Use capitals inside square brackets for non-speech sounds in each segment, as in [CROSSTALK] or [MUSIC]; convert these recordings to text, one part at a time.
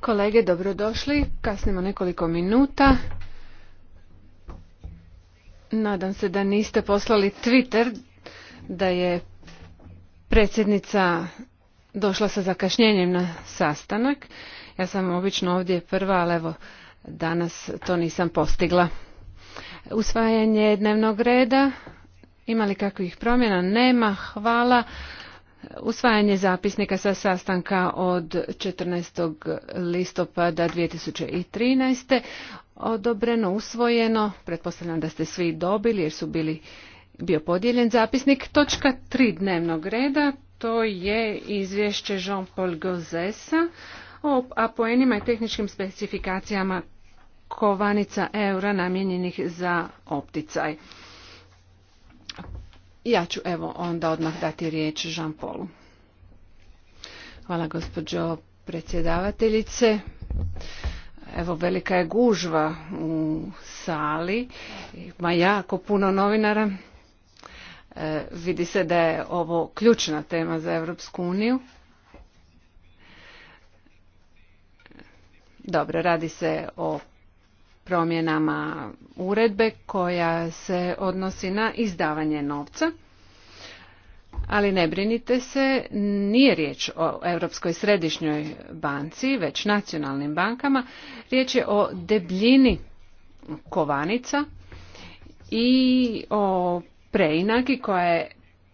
Kolege, dobrodošli. Kasnimo nekoliko minuta. Nadam se da niste poslali Twitter da je predsjednica došla sa zakašnjenjem na sastanak. Ja sam obično ovdje prva, ali evo danas to nisam postigla. Usvajanje dnevnog reda. Ima li kakvih promjena? Nema. Hvala. Usvajanje zapisnika sa sastanka od 14. listopada 2013. odobreno, usvojeno, pretpostavljam da ste svi dobili jer su bili bio podijeljen zapisnik. Točka tri dnevnog reda, to je izvješće Jean-Paul Gozesa o apoenima i tehničkim specifikacijama kovanica eura namijenjenih za opticaj. Ja ću evo onda odmah dati riječ Jean Paulu. Hvala gospođo predsjedavateljice. Evo velika je gužva u sali, ima jako puno novinara. E, vidi se da je ovo ključna tema za Europsku uniju. Dobro, radi se o promjenama uredbe koja se odnosi na izdavanje novca. Ali ne brinite se, nije riječ o Europskoj središnjoj banci, već nacionalnim bankama. Riječ je o debljini kovanica i o preinaki koja je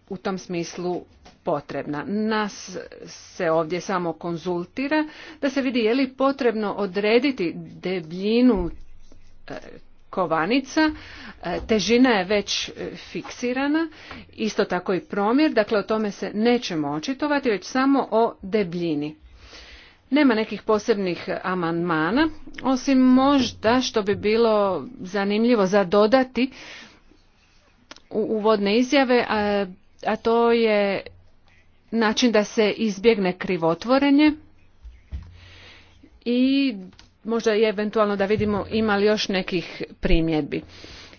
u tom smislu potrebna. Nas se ovdje samo konzultira da se vidi je li potrebno odrediti debljinu kovanica, e, težina je već e, fiksirana, isto tako i promjer, dakle o tome se nećemo očitovati, već samo o debljini. Nema nekih posebnih amandmana, osim možda što bi bilo zanimljivo za dodati u uvodne izjave, a to je način da se izbjegne krivotvorenje i možda i eventualno da vidimo ima li još nekih primjedbi.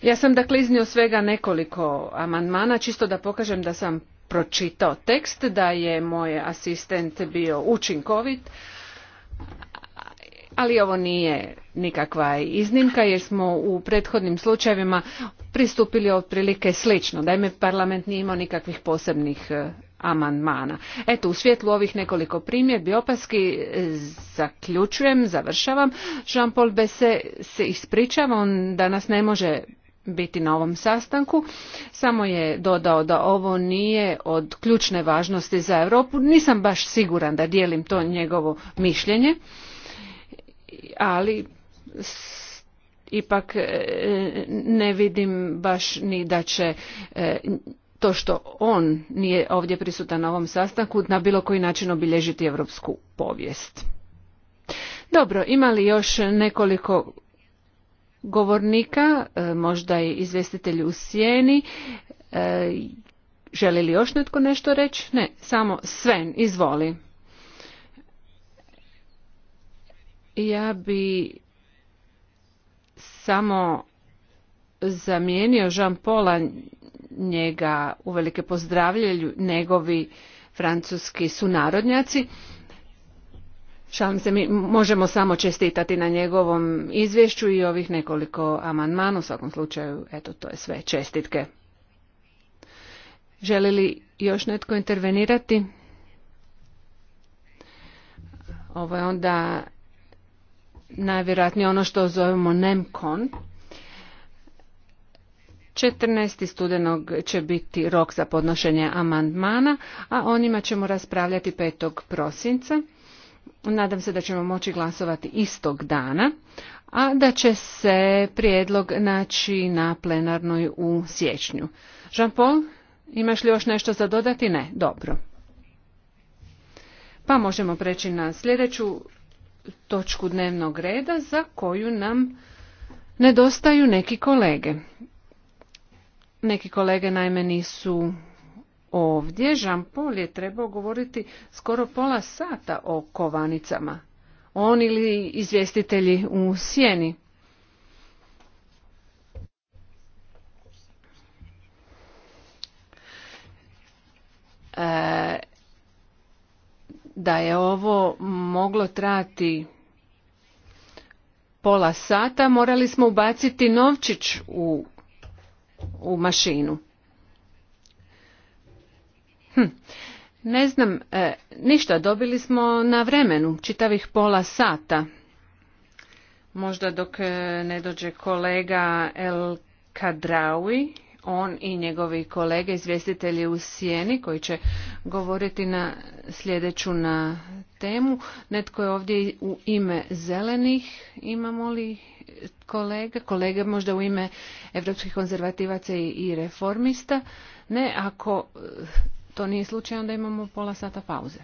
Ja sam dakle iznio svega nekoliko amandmana, čisto da pokažem da sam pročitao tekst, da je moj asistent bio učinkovit, ali ovo nije nikakva iznimka jer smo u prethodnim slučajevima pristupili otprilike slično. Naime, parlament nije imao nikakvih posebnih amandmana. Eto, u svjetlu ovih nekoliko primjedbi opaski e, zaključujem, završavam. Jean-Paul Besse se ispričava, on danas ne može biti na ovom sastanku. Samo je dodao da ovo nije od ključne važnosti za Europu. Nisam baš siguran da dijelim to njegovo mišljenje, ali ipak e, ne vidim baš ni da će e, to što on nije ovdje prisutan na ovom sastanku na bilo koji način obilježiti europsku povijest. Dobro, imali još nekoliko govornika, e, možda i izvjestitelji u sjeni? E, želi li još netko nešto reći? Ne, samo Sven, izvoli. Ja bi samo zamijenio Jean Paula njega uvelike pozdravljaju njegovi francuski sunarodnjaci. Šalim se, mi možemo samo čestitati na njegovom izvješću i ovih nekoliko amandmana. U svakom slučaju, eto, to je sve. Čestitke. Želi li još netko intervenirati? Ovo je onda najvjerojatnije ono što zovemo nemkon. 14. studenog će biti rok za podnošenje amandmana, a o njima ćemo raspravljati 5. prosinca. Nadam se da ćemo moći glasovati istog dana, a da će se prijedlog naći na plenarnoj u siječnju. Jean-Paul, imaš li još nešto za dodati? Ne, dobro. Pa možemo preći na sljedeću točku dnevnog reda za koju nam nedostaju neki kolege. Neki kolege naime nisu ovdje. Jean Paul je trebao govoriti skoro pola sata o kovanicama. On ili izvjestitelji u sjeni. E, da je ovo moglo trati pola sata, morali smo ubaciti novčić u u mašinu. Hm. Ne znam, e, ništa, dobili smo na vremenu, čitavih pola sata. Možda dok e, ne dođe kolega El Kadraui, on i njegovi kolege, izvjestitelji u Sijeni, koji će govoriti na sljedeću na temu. Netko je ovdje u ime zelenih. Imamo li kolega? Kolege možda u ime evropskih konzervativaca i reformista? Ne, ako eh, to nije slučaj, onda imamo pola sata pauze.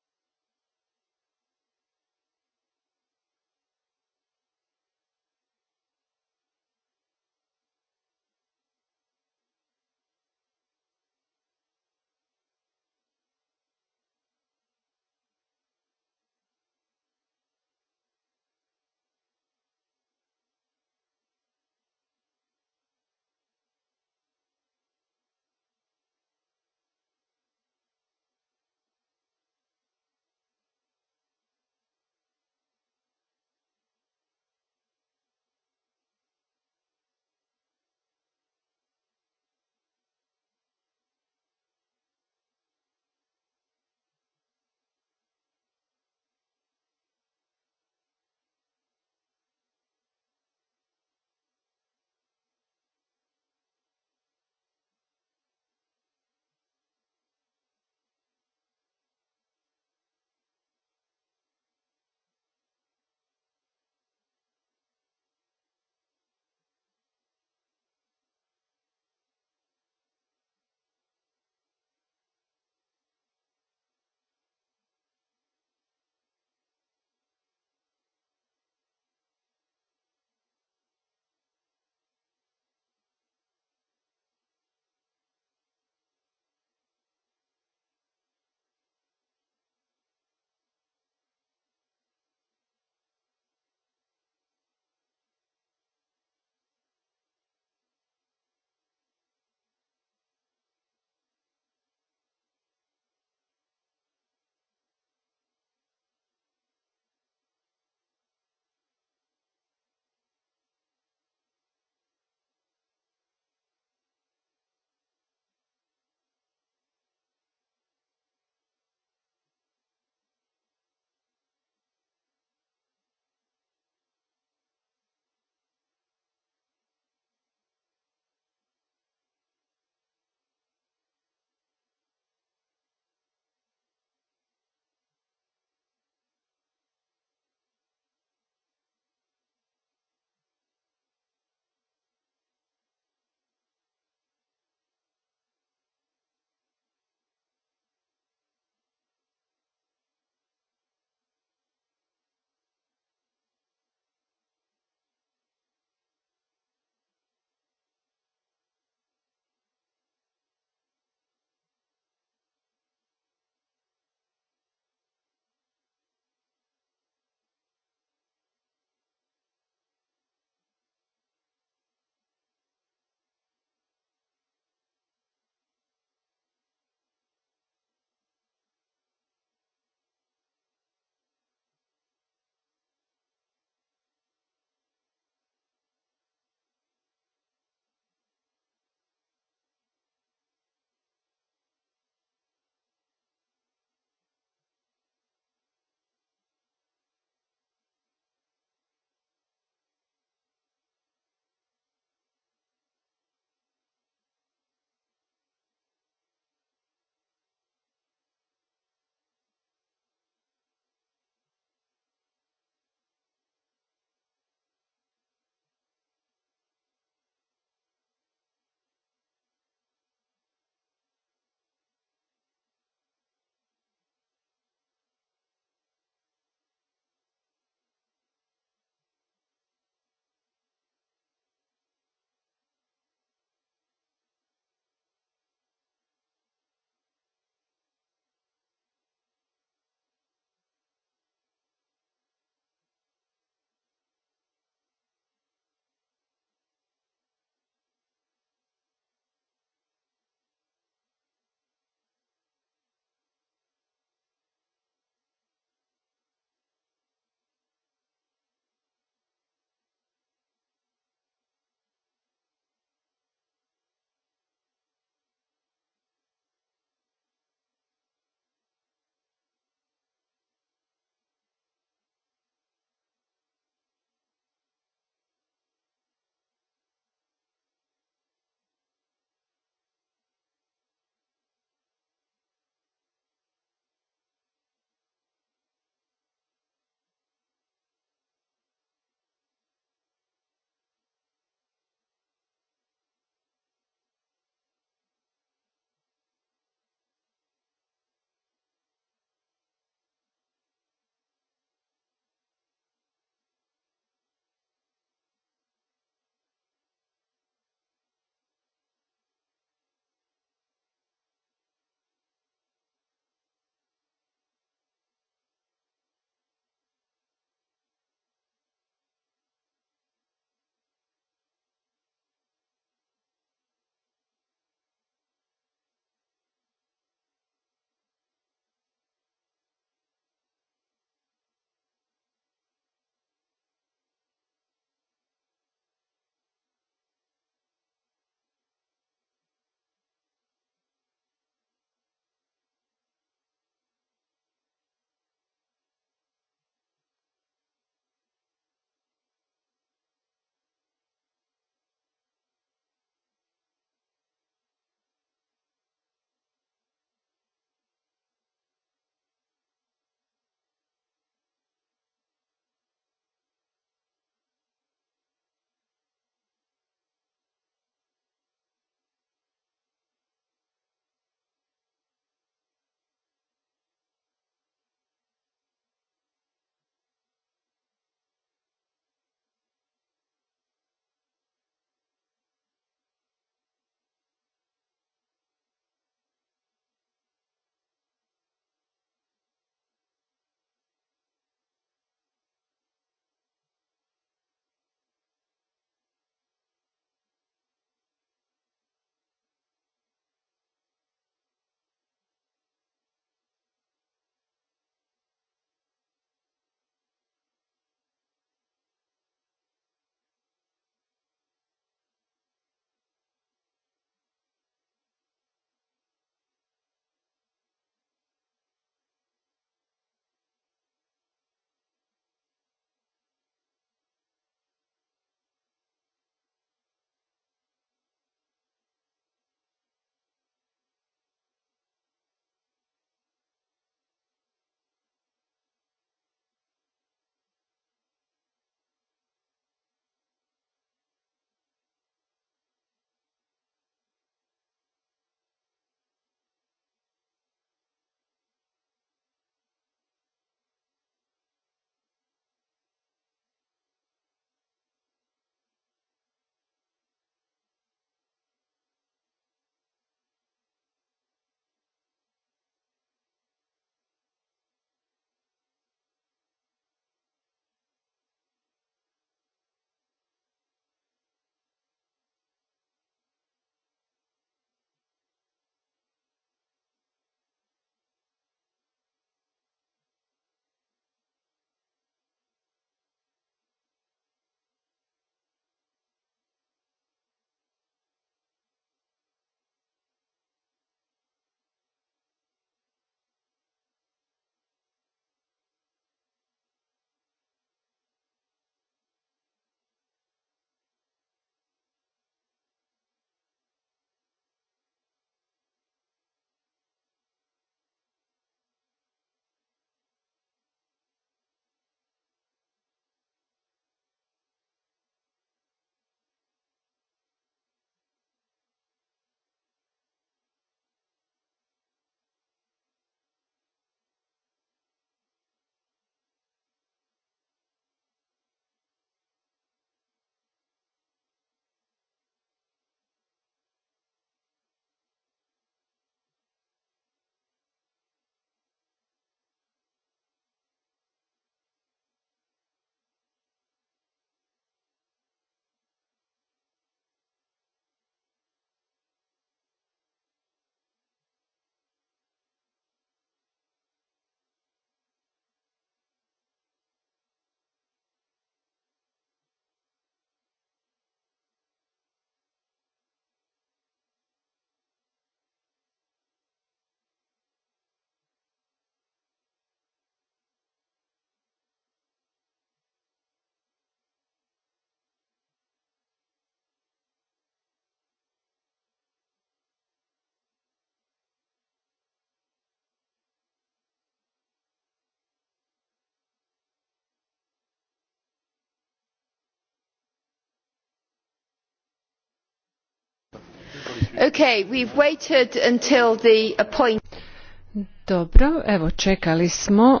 Dobro, evo čekali smo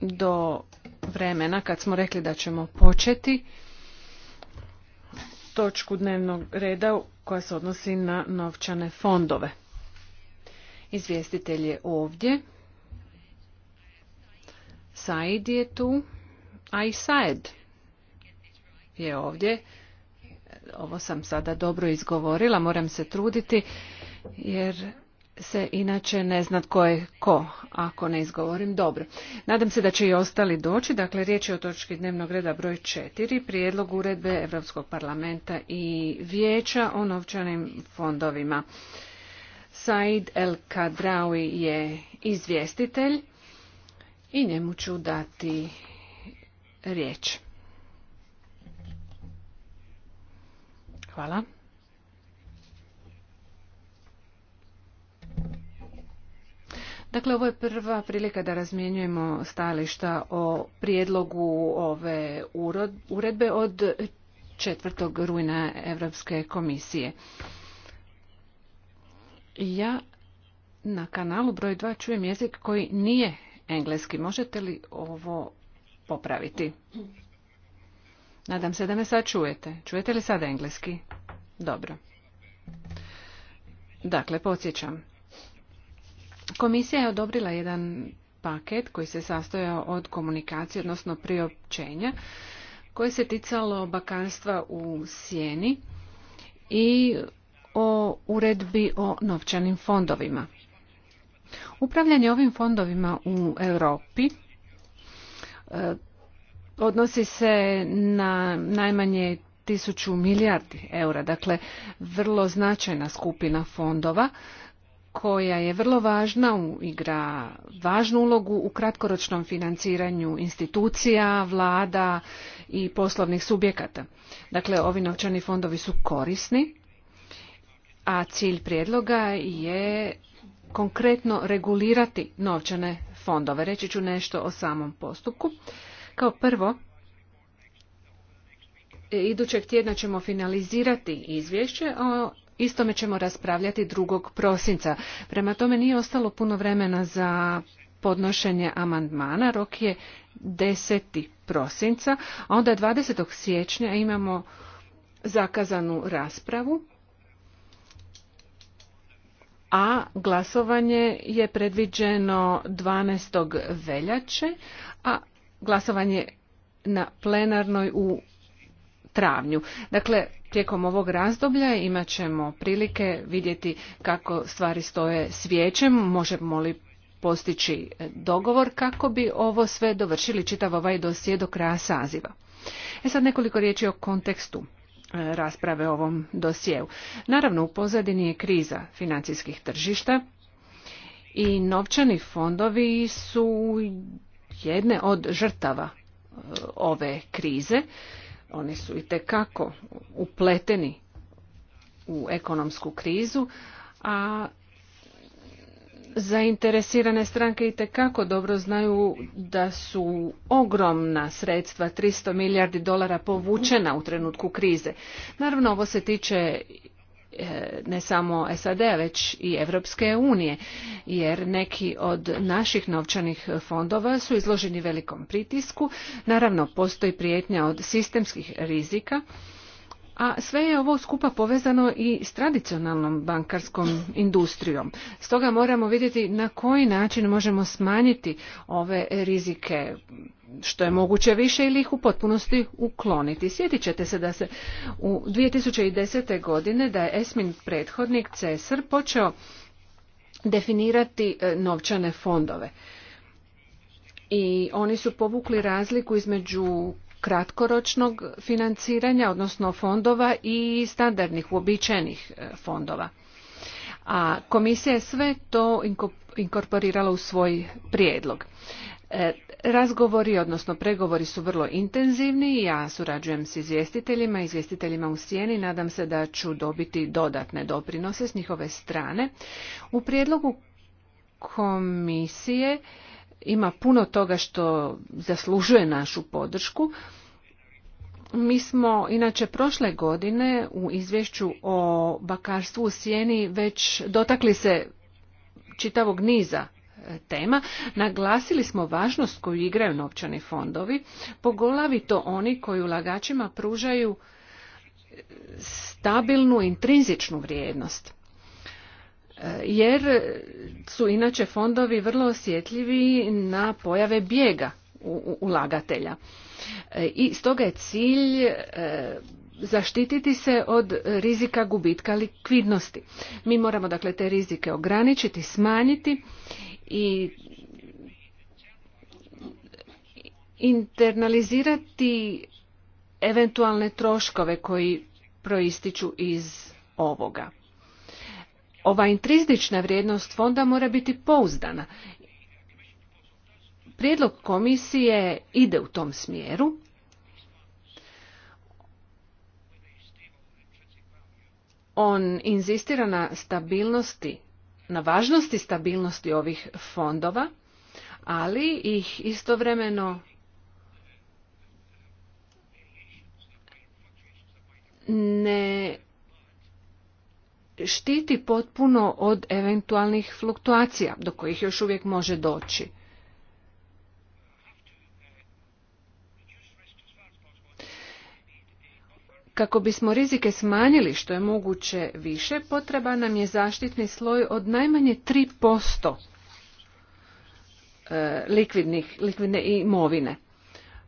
do vremena kad smo rekli da ćemo početi točku dnevnog reda koja se odnosi na novčane fondove. Izvjestitelj je ovdje. Said je tu, a i Said je ovdje ovo sam sada dobro izgovorila, moram se truditi jer se inače ne zna tko je ko, ako ne izgovorim dobro. Nadam se da će i ostali doći, dakle riječ je o točki dnevnog reda broj 4, prijedlog uredbe Europskog parlamenta i vijeća o novčanim fondovima. Said El Kadrawi je izvjestitelj i njemu ću dati riječ. Hvala. Dakle, ovo je prva prilika da razmjenjujemo stajališta o prijedlogu ove uredbe od 4. rujna Europske komisije. Ja na kanalu broj 2 čujem jezik koji nije engleski. Možete li ovo popraviti? Nadam se da me sad čujete. Čujete li sad engleski? Dobro. Dakle, podsjećam. Komisija je odobrila jedan paket koji se sastojao od komunikacije, odnosno priopćenja, koje se ticalo bakarstva u sjeni i o uredbi o novčanim fondovima. Upravljanje ovim fondovima u Europi e, odnosi se na najmanje tisuću milijardi eura, dakle vrlo značajna skupina fondova koja je vrlo važna, igra važnu ulogu u kratkoročnom financiranju institucija, vlada i poslovnih subjekata. Dakle, ovi novčani fondovi su korisni, a cilj prijedloga je konkretno regulirati novčane fondove. Reći ću nešto o samom postupku. Kao prvo, idućeg tjedna ćemo finalizirati izvješće, a istome ćemo raspravljati 2. prosinca. Prema tome nije ostalo puno vremena za podnošenje amandmana, rok je 10. prosinca, a onda 20. siječnja imamo zakazanu raspravu, a glasovanje je predviđeno 12. veljače, a glasovanje na plenarnoj u travnju. Dakle, tijekom ovog razdoblja imat ćemo prilike vidjeti kako stvari stoje s vijećem, možemo li postići e, dogovor kako bi ovo sve dovršili čitav ovaj dosje do kraja saziva. E sad nekoliko riječi o kontekstu e, rasprave o ovom dosjeu. Naravno, u pozadini je kriza financijskih tržišta i novčani fondovi su jedne od žrtava e, ove krize. Oni su i tekako upleteni u ekonomsku krizu, a zainteresirane stranke i tekako dobro znaju da su ogromna sredstva, 300 milijardi dolara povučena u trenutku krize. Naravno, ovo se tiče E, ne samo SAD-a već i Europske unije jer neki od naših novčanih fondova su izloženi velikom pritisku. Naravno postoji prijetnja od sistemskih rizika a sve je ovo skupa povezano i s tradicionalnom bankarskom industrijom. Stoga moramo vidjeti na koji način možemo smanjiti ove rizike što je moguće više ili ih u potpunosti ukloniti. Sjetit ćete se da se u 2010. godine da je Esmin prethodnik CSR počeo definirati e, novčane fondove i oni su povukli razliku između kratkoročnog financiranja, odnosno fondova i standardnih uobičajenih e, fondova. A komisija je sve to inkorporirala u svoj prijedlog. E, razgovori, odnosno pregovori su vrlo intenzivni. Ja surađujem s izvjestiteljima, izvjestiteljima u sjeni. Nadam se da ću dobiti dodatne doprinose s njihove strane. U prijedlogu komisije ima puno toga što zaslužuje našu podršku. Mi smo inače prošle godine u izvješću o bakarstvu u sjeni već dotakli se čitavog niza e, tema, naglasili smo važnost koju igraju novčani fondovi, Pogolavito oni koji ulagačima pružaju e, stabilnu intrinzičnu vrijednost jer su inače fondovi vrlo osjetljivi na pojave bijega ulagatelja. E, I stoga je cilj e, zaštititi se od rizika gubitka likvidnosti. Mi moramo dakle te rizike ograničiti, smanjiti i internalizirati eventualne troškove koji proističu iz ovoga ova intrizična vrijednost fonda mora biti pouzdana. Prijedlog komisije ide u tom smjeru. On inzistira na stabilnosti, na važnosti stabilnosti ovih fondova, ali ih istovremeno ne štiti potpuno od eventualnih fluktuacija do kojih još uvijek može doći. Kako bismo rizike smanjili što je moguće više, potreba nam je zaštitni sloj od najmanje 3% e, likvidnih, likvidne imovine.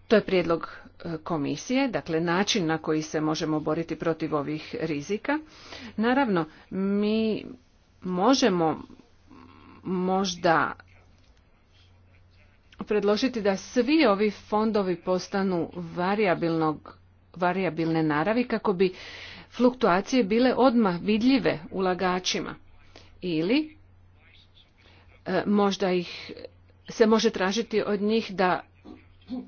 To je prijedlog komisije, dakle način na koji se možemo boriti protiv ovih rizika. Naravno, mi možemo možda predložiti da svi ovi fondovi postanu variabilnog, variabilne naravi kako bi fluktuacije bile odmah vidljive ulagačima ili e, možda ih se može tražiti od njih da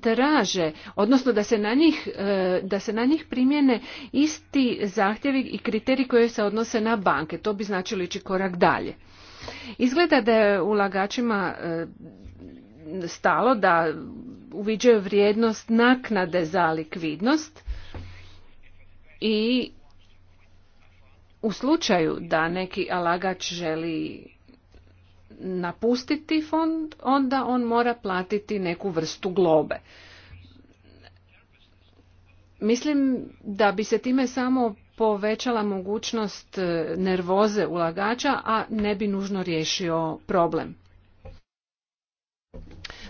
traže, odnosno da se na njih, e, da se na njih primjene isti zahtjevi i kriteriji koji se odnose na banke. To bi značilo ići korak dalje. Izgleda da je ulagačima e, stalo da uviđaju vrijednost naknade za likvidnost i u slučaju da neki alagač želi napustiti fond, onda on mora platiti neku vrstu globe. Mislim da bi se time samo povećala mogućnost e, nervoze ulagača, a ne bi nužno riješio problem.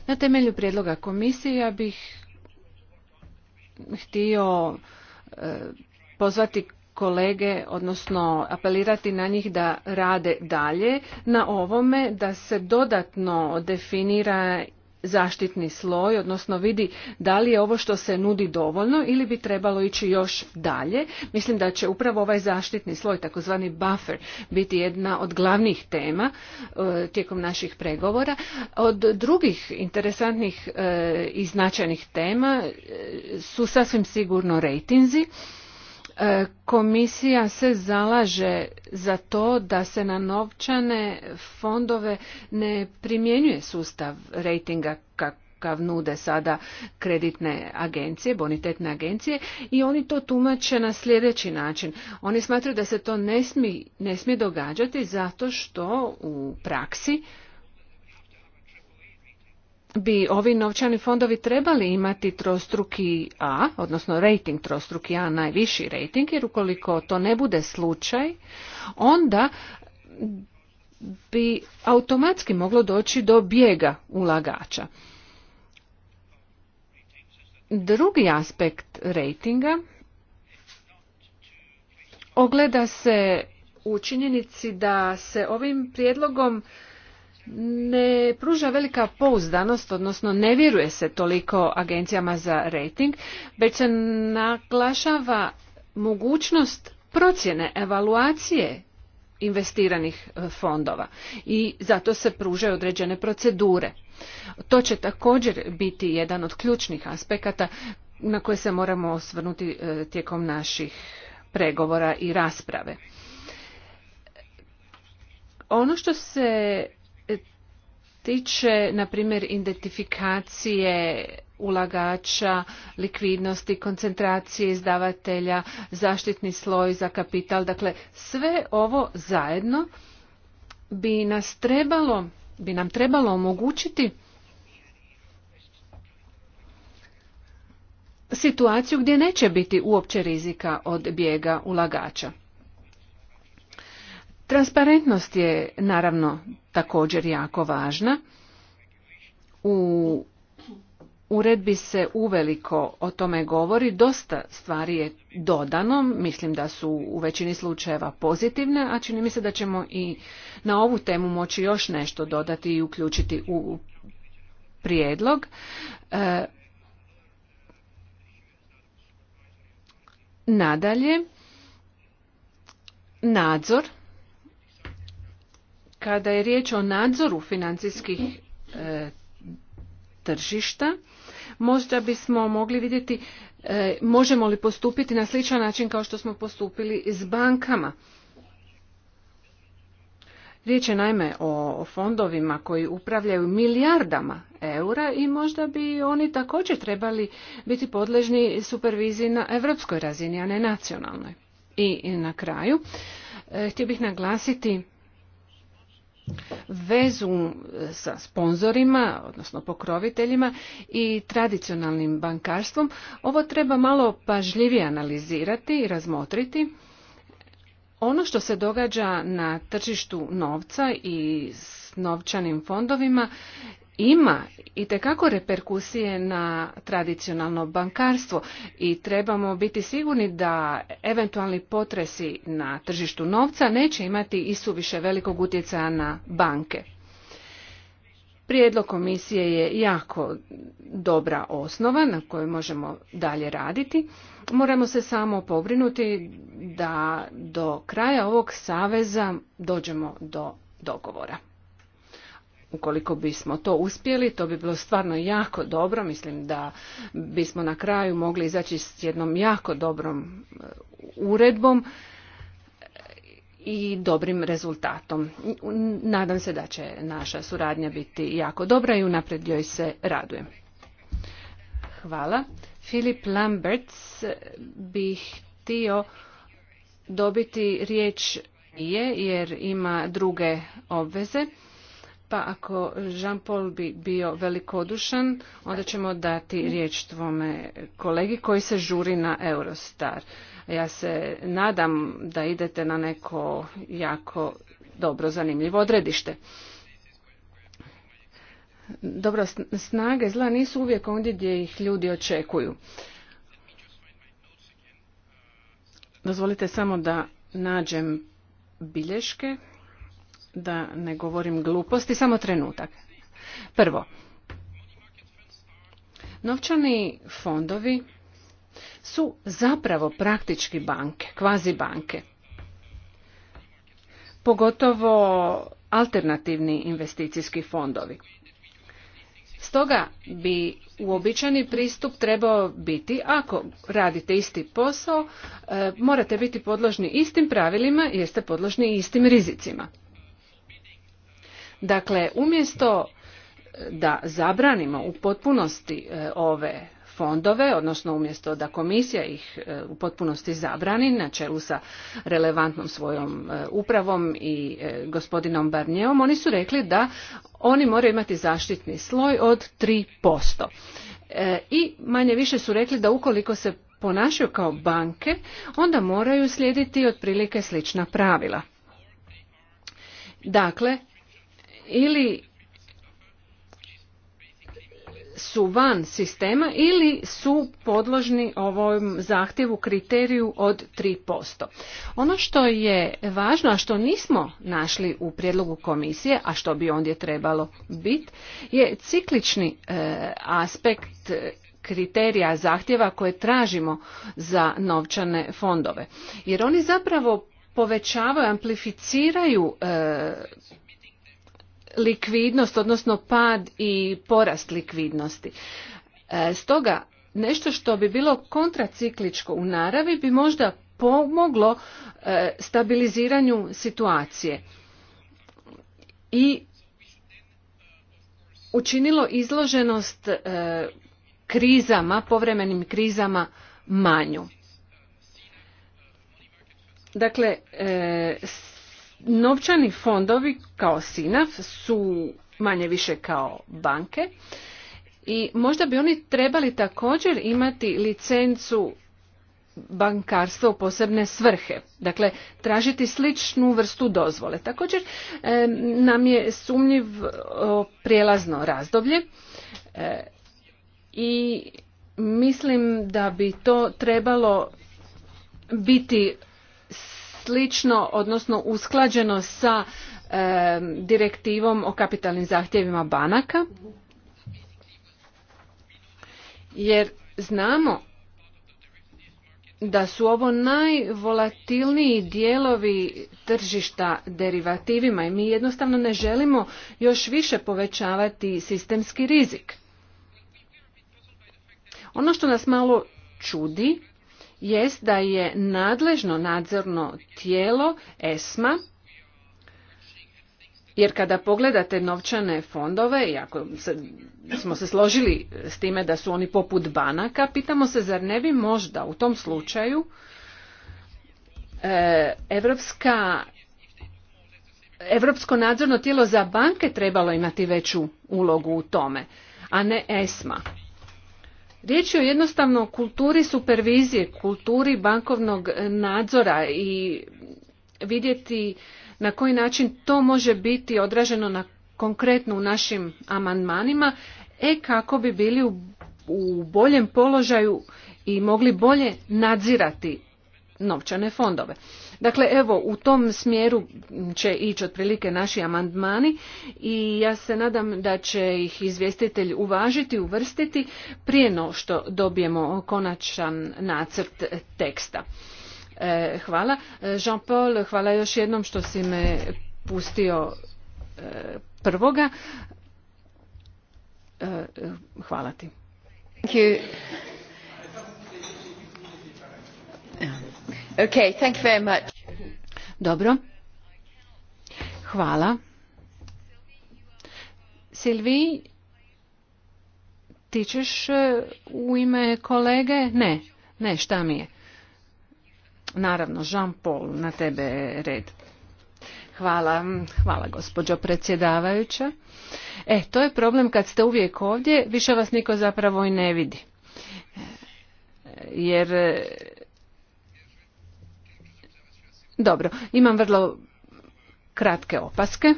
Na temelju prijedloga komisije ja bih htio e, pozvati kolege, odnosno apelirati na njih da rade dalje na ovome, da se dodatno definira zaštitni sloj, odnosno vidi da li je ovo što se nudi dovoljno ili bi trebalo ići još dalje. Mislim da će upravo ovaj zaštitni sloj, takozvani buffer, biti jedna od glavnih tema e, tijekom naših pregovora. Od drugih interesantnih e, i značajnih tema e, su sasvim sigurno rejtinzi. E, komisija se zalaže za to da se na novčane fondove ne primjenjuje sustav rejtinga kakav nude sada kreditne agencije, bonitetne agencije i oni to tumače na sljedeći način. Oni smatraju da se to ne smije, ne smije događati zato što u praksi bi ovi novčani fondovi trebali imati trostruki A, odnosno rating trostruki A, najviši rating, jer ukoliko to ne bude slučaj, onda bi automatski moglo doći do bijega ulagača. Drugi aspekt ratinga ogleda se u činjenici da se ovim prijedlogom ne pruža velika pouzdanost, odnosno ne vjeruje se toliko agencijama za rating, već se naglašava mogućnost procjene, evaluacije investiranih e, fondova i zato se pružaju određene procedure. To će također biti jedan od ključnih aspekata na koje se moramo osvrnuti e, tijekom naših pregovora i rasprave. Ono što se tiče, na primjer, identifikacije ulagača, likvidnosti, koncentracije izdavatelja, zaštitni sloj za kapital. Dakle, sve ovo zajedno bi nas trebalo, bi nam trebalo omogućiti situaciju gdje neće biti uopće rizika od bijega ulagača. Transparentnost je naravno također jako važna. U uredbi se uveliko o tome govori, dosta stvari je dodano, mislim da su u većini slučajeva pozitivne, a čini mi se da ćemo i na ovu temu moći još nešto dodati i uključiti u prijedlog. E, nadalje, nadzor kada je riječ o nadzoru financijskih e, tržišta, možda bismo mogli vidjeti e, možemo li postupiti na sličan način kao što smo postupili s bankama. Riječ je naime o fondovima koji upravljaju milijardama eura i možda bi oni također trebali biti podležni superviziji na europskoj razini, a ne nacionalnoj. I na kraju, e, htio bih naglasiti vezu e, sa sponzorima, odnosno pokroviteljima i tradicionalnim bankarstvom, ovo treba malo pažljivije analizirati i razmotriti. Ono što se događa na tržištu novca i s novčanim fondovima ima i tekako reperkusije na tradicionalno bankarstvo i trebamo biti sigurni da eventualni potresi na tržištu novca neće imati i više velikog utjecaja na banke. Prijedlog komisije je jako dobra osnova na kojoj možemo dalje raditi. Moramo se samo pobrinuti da do kraja ovog saveza dođemo do dogovora. Ukoliko bismo to uspjeli, to bi bilo stvarno jako dobro. Mislim da bismo na kraju mogli izaći s jednom jako dobrom e, uredbom e, i dobrim rezultatom. Nadam se da će naša suradnja biti jako dobra i unaprijed joj se radujem. Hvala. Filip Lamberts e, bi htio dobiti riječ je jer ima druge obveze. Pa ako Jean Paul bi bio velikodušan, onda ćemo dati riječ tvome kolegi koji se žuri na Eurostar. Ja se nadam da idete na neko jako dobro zanimljivo odredište. Dobro, snage zla nisu uvijek ondje gdje ih ljudi očekuju. Dozvolite samo da nađem bilješke da ne govorim gluposti, samo trenutak. Prvo, novčani fondovi su zapravo praktički banke, kvazi banke. Pogotovo alternativni investicijski fondovi. Stoga bi uobičajeni pristup trebao biti ako radite isti posao, e, morate biti podložni istim pravilima jer ste podložni istim rizicima. Dakle, umjesto da zabranimo u potpunosti e, ove fondove, odnosno umjesto da komisija ih e, u potpunosti zabrani na čelu sa relevantnom svojom e, upravom i gospodinom Barnjevom, oni su rekli da oni moraju imati zaštitni sloj od 3%. I manje više su rekli da ukoliko se ponašaju kao banke, onda moraju slijediti otprilike slična pravila. Dakle, ili su van sistema ili su podložni ovom zahtjevu kriteriju od 3%. Ono što je važno, a što nismo našli u prijedlogu komisije, a što bi ondje trebalo biti, je ciklični e, aspekt kriterija zahtjeva koje tražimo za novčane fondove. Jer oni zapravo povećavaju, amplificiraju e, likvidnost, odnosno pad i porast likvidnosti. E, stoga, nešto što bi bilo kontracikličko u naravi bi možda pomoglo e, stabiliziranju situacije i učinilo izloženost e, krizama, povremenim krizama manju. Dakle, novčani fondovi kao SINAF su manje više kao banke i možda bi oni trebali također imati licencu bankarstva u posebne svrhe. Dakle, tražiti sličnu vrstu dozvole. Također nam je sumnjiv prijelazno razdoblje e, i mislim da bi to trebalo biti slično, odnosno usklađeno sa direktivom o kapitalnim zahtjevima banaka. Jer znamo da su ovo najvolatilniji dijelovi tržišta derivativima i mi jednostavno ne želimo još više povećavati sistemski rizik. Ono što nas malo čudi jest da je nadležno nadzorno tijelo ESMA, jer kada pogledate novčane fondove, i ako smo se složili s time da su oni poput banaka, pitamo se zar ne bi možda u tom slučaju e, Evropska, Evropsko nadzorno tijelo za banke trebalo imati veću ulogu u tome, a ne ESMA. Riječ je o jednostavno kulturi supervizije, kulturi bankovnog nadzora i vidjeti na koji način to može biti odraženo na konkretno u našim amandmanima, e kako bi bili u, u boljem položaju i mogli bolje nadzirati novčane fondove. Dakle, evo, u tom smjeru će ići otprilike naši amandmani i ja se nadam da će ih izvjestitelj uvažiti, uvrstiti prije no što dobijemo konačan nacrt teksta. E, hvala. E, Jean-Paul, hvala još jednom što si me pustio e, prvoga. hvala ti. Dobro. Hvala. Silvi, ti ćeš e, u ime kolege? Ne, ne, šta mi je? Naravno, Jean Paul, na tebe je red. Hvala, hvala gospođo predsjedavajuća. E, to je problem kad ste uvijek ovdje, više vas niko zapravo i ne vidi. E, jer dobro, imam vrlo kratke opaske.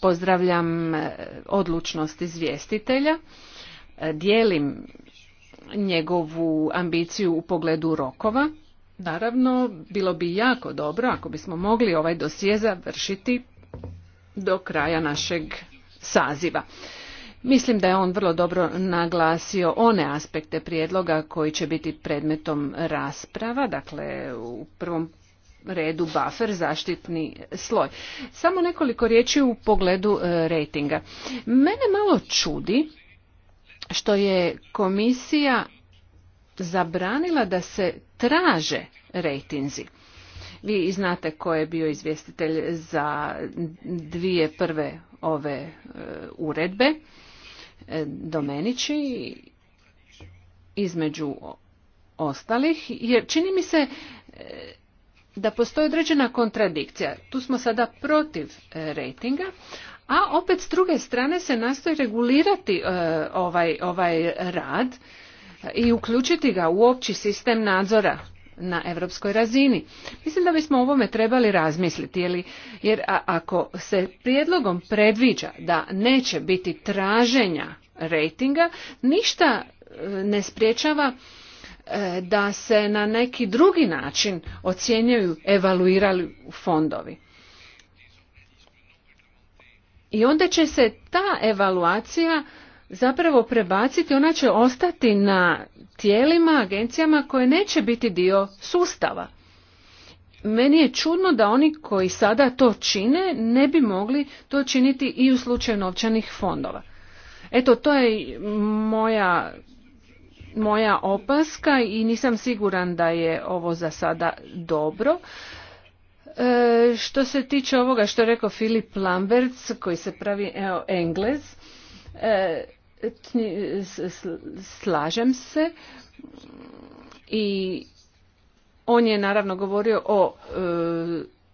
Pozdravljam e, odlučnost izvjestitelja. E, dijelim njegovu ambiciju u pogledu rokova. Naravno, bilo bi jako dobro ako bismo mogli ovaj dosje završiti do kraja našeg saziva. Mislim da je on vrlo dobro naglasio one aspekte prijedloga koji će biti predmetom rasprava, dakle u prvom redu buffer, zaštitni sloj. Samo nekoliko riječi u pogledu e, rejtinga. Mene malo čudi što je komisija zabranila da se traže rejtinzi. Vi znate ko je bio izvjestitelj za dvije prve ove e, uredbe E, domenići između ostalih, jer čini mi se e, da postoji određena kontradikcija. Tu smo sada protiv e, ratinga, a opet s druge strane se nastoji regulirati ovaj, ovaj rad i uključiti ga u opći sistem nadzora na europskoj razini. Mislim da bismo o ovome trebali razmisliti, jer ako se prijedlogom predviđa da neće biti traženja rejtinga ništa e, ne spriječava e, da se na neki drugi način ocjenjuju evaluirali fondovi. I onda će se ta evaluacija zapravo prebaciti, ona će ostati na tijelima, agencijama koje neće biti dio sustava. Meni je čudno da oni koji sada to čine ne bi mogli to činiti i u slučaju novčanih fondova. Eto, to je moja moja opaska i nisam siguran da je ovo za sada dobro. E, što se tiče ovoga što je rekao Filip Lamberts, koji se pravi evo, Englez, e, slažem se i on je naravno govorio o e,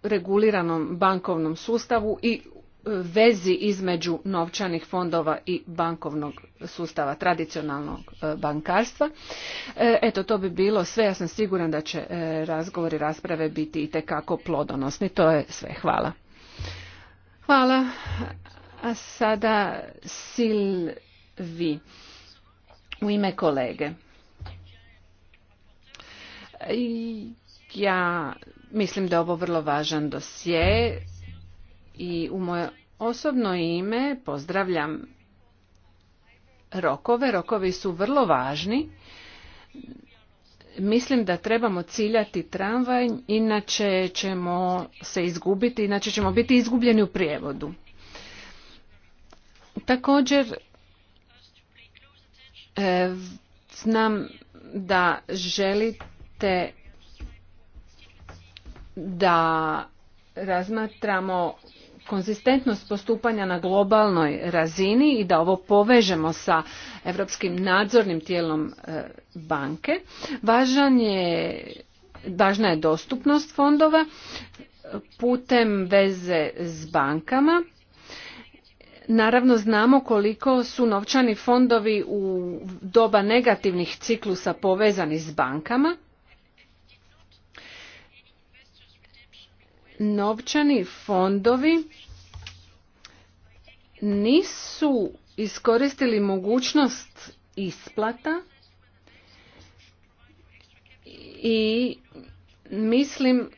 reguliranom bankovnom sustavu i vezi između novčanih fondova i bankovnog sustava, tradicionalnog e, bankarstva. E, eto, to bi bilo sve. Ja sam siguran da će e, razgovori, rasprave biti i tekako plodonosni. To je sve. Hvala. Hvala. A sada Silvi u ime kolege. Ja mislim da je ovo vrlo važan dosje i u moje osobno ime pozdravljam rokove. Rokovi su vrlo važni. Mislim da trebamo ciljati tramvaj, inače ćemo se izgubiti, inače ćemo biti izgubljeni u prijevodu. Također, e, znam da želite da razmatramo konzistentnost postupanja na globalnoj razini i da ovo povežemo sa europskim nadzornim tijelom e, banke. Važan je, važna je dostupnost fondova e, putem veze s bankama. Naravno znamo koliko su novčani fondovi u doba negativnih ciklusa povezani s bankama novčani fondovi nisu iskoristili mogućnost isplata i mislim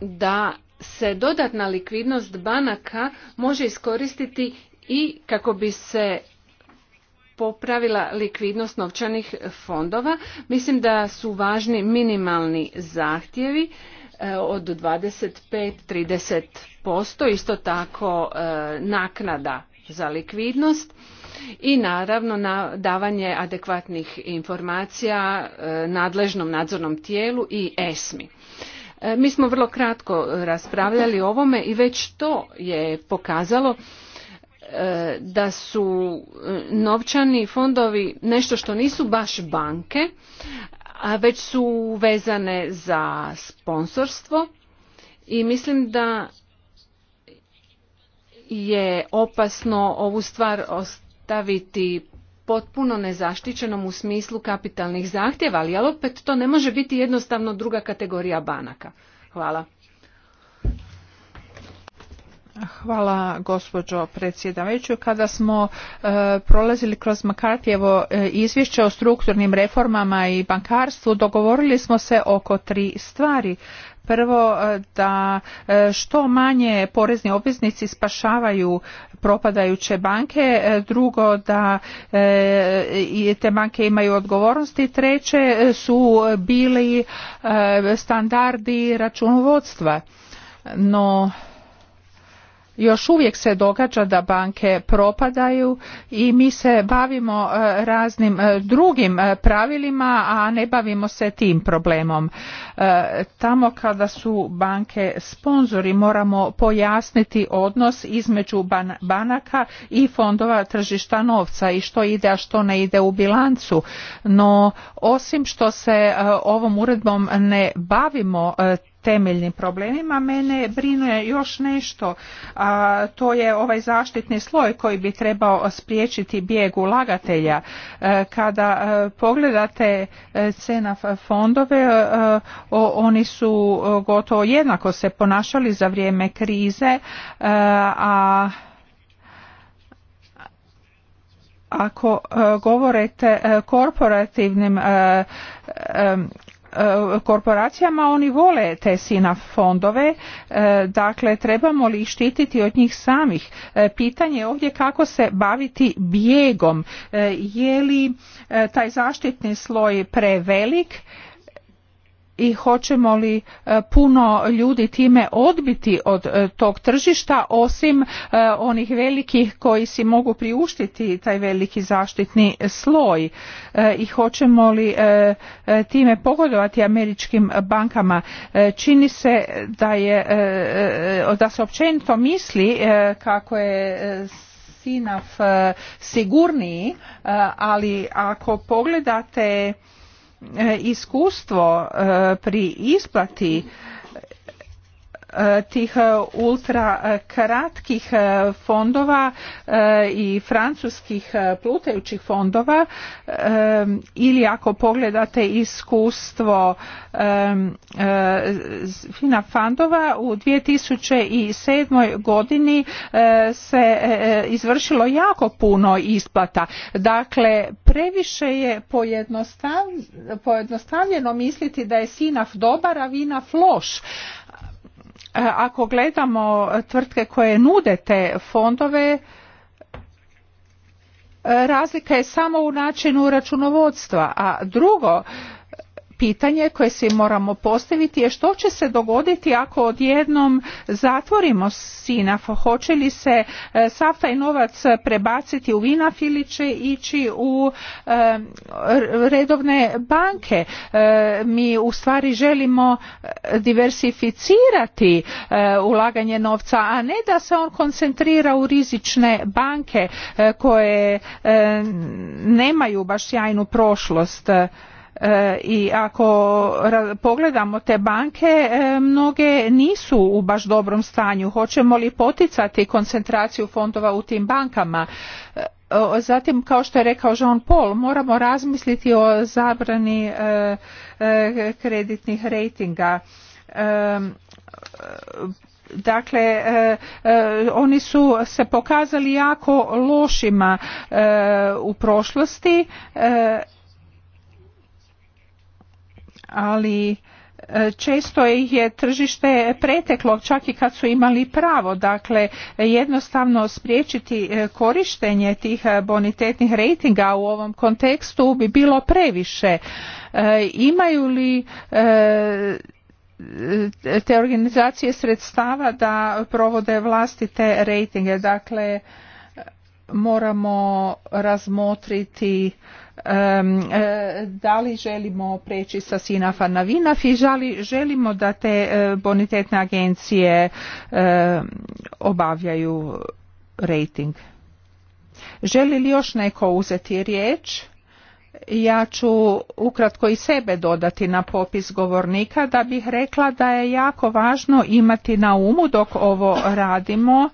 da se dodatna likvidnost banaka može iskoristiti i kako bi se popravila likvidnost novčanih fondova. Mislim da su važni minimalni zahtjevi E, od 25-30%, isto tako e, naknada za likvidnost i naravno na davanje adekvatnih informacija e, nadležnom nadzornom tijelu i ESMI. Mi smo vrlo kratko raspravljali o ovome i već to je pokazalo da su novčani fondovi nešto što nisu baš banke, a već su vezane za sponsorstvo i mislim da je opasno ovu stvar ostaviti potpuno nezaštićenom u smislu kapitalnih zahtjeva, ali opet to ne može biti jednostavno druga kategorija banaka. Hvala. Hvala gospođo predsjedavajuću. Kada smo e, prolazili kroz Makartijevo e, izvješće o strukturnim reformama i bankarstvu, dogovorili smo se oko tri stvari. Prvo, e, da što manje porezni obveznici spašavaju propadajuće banke, drugo da te banke imaju odgovornosti, treće su bili standardi računovodstva. No, još uvijek se događa da banke propadaju i mi se bavimo e, raznim e, drugim e, pravilima, a ne bavimo se tim problemom. Tamo kada su banke sponzori moramo pojasniti odnos između banaka i fondova tržišta novca i što ide, a što ne ide u bilancu. No osim što se ovom uredbom ne bavimo temeljnim problemima. Mene brinuje još nešto, a to je ovaj zaštitni sloj koji bi trebao spriječiti bijeg ulagatelja. E, kada e, pogledate e, cena fondove, oni su gotovo jednako se ponašali za vrijeme krize, a ako govorite korporativnim Eh, korporacijama oni vole te sina fondove eh, dakle trebamo li ih štititi od njih samih eh, pitanje je ovdje kako se baviti bijegom je li taj zaštitni sloj prevelik i hoćemo li e, puno ljudi time odbiti od e, tog tržišta osim e, onih velikih koji si mogu priuštiti taj veliki zaštitni sloj i hoćemo li time pogodovati američkim bankama čini se da je da se općenito misli kako je Sinaf sigurniji ali ako pogledate iskustvo e, pri isplati tih e, ultra e, kratkih e, fondova i francuskih plutajućih fondova ili ako pogledate iskustvo fina fondova u 2007. godini se izvršilo jako puno isplata dakle previše je pojednostavljeno misliti da je sinaf dobar a vinaf loš E, ako gledamo tvrtke koje nude te fondove, e, razlika je samo u načinu računovodstva. A drugo, pitanje koje si moramo postaviti je što će se dogoditi ako odjednom zatvorimo Sinaf, hoće li se e, sav taj novac prebaciti u Vinaf ili će ići u e, redovne banke. E, mi u stvari želimo diversificirati ulaganje novca, a ne da se on koncentrira u rizične banke koje nemaju baš sjajnu prošlost. E, i ako pogledamo te banke e, mnoge nisu u baš dobrom stanju hoćemo li poticati koncentraciju fondova u tim bankama e, zatim kao što je rekao Jean Paul moramo razmisliti o zabrani kreditnih rejtinga dakle oni su se pokazali jako lošima u prošlosti ali e, često ih je tržište preteklo čak i kad su imali pravo dakle jednostavno spriječiti e, korištenje tih e, bonitetnih rejtinga u ovom kontekstu bi bilo previše imaju li te organizacije sredstava da provode vlastite rejtinge dakle moramo razmotriti e, da li želimo preći sa sinafa na vinaf i želimo da te e, bonitetne agencije e, obavljaju rating. Želi li još neko uzeti riječ? Ja ću ukratko i sebe dodati na popis govornika da bih rekla da je jako važno imati na umu dok ovo radimo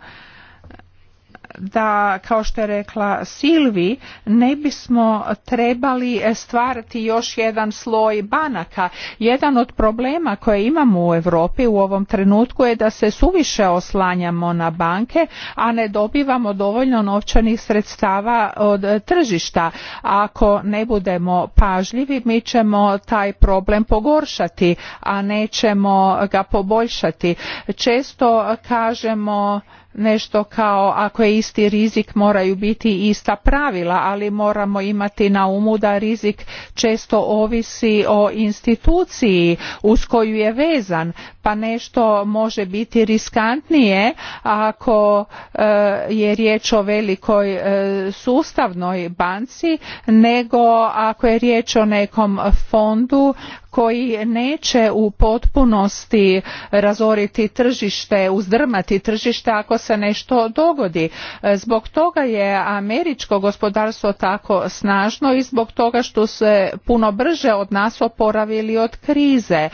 da kao što je rekla Silvi ne bismo trebali stvarati još jedan sloj banaka. Jedan od problema koje imamo u Europi u ovom trenutku je da se suviše oslanjamo na banke, a ne dobivamo dovoljno novčanih sredstava od tržišta. Ako ne budemo pažljivi, mi ćemo taj problem pogoršati, a nećemo ga poboljšati. Često kažemo nešto kao ako je isti rizik moraju biti ista pravila ali moramo imati na umu da rizik često ovisi o instituciji uz koju je vezan pa nešto može biti riskantnije ako e, je riječ o velikoj e, sustavnoj banci nego ako je riječ o nekom fondu koji neće u potpunosti razoriti tržište uzdrmati tržište ako se nešto dogodi e, zbog toga je američko gospodarstvo tako snažno i zbog toga što se puno brže od nas oporavili od krize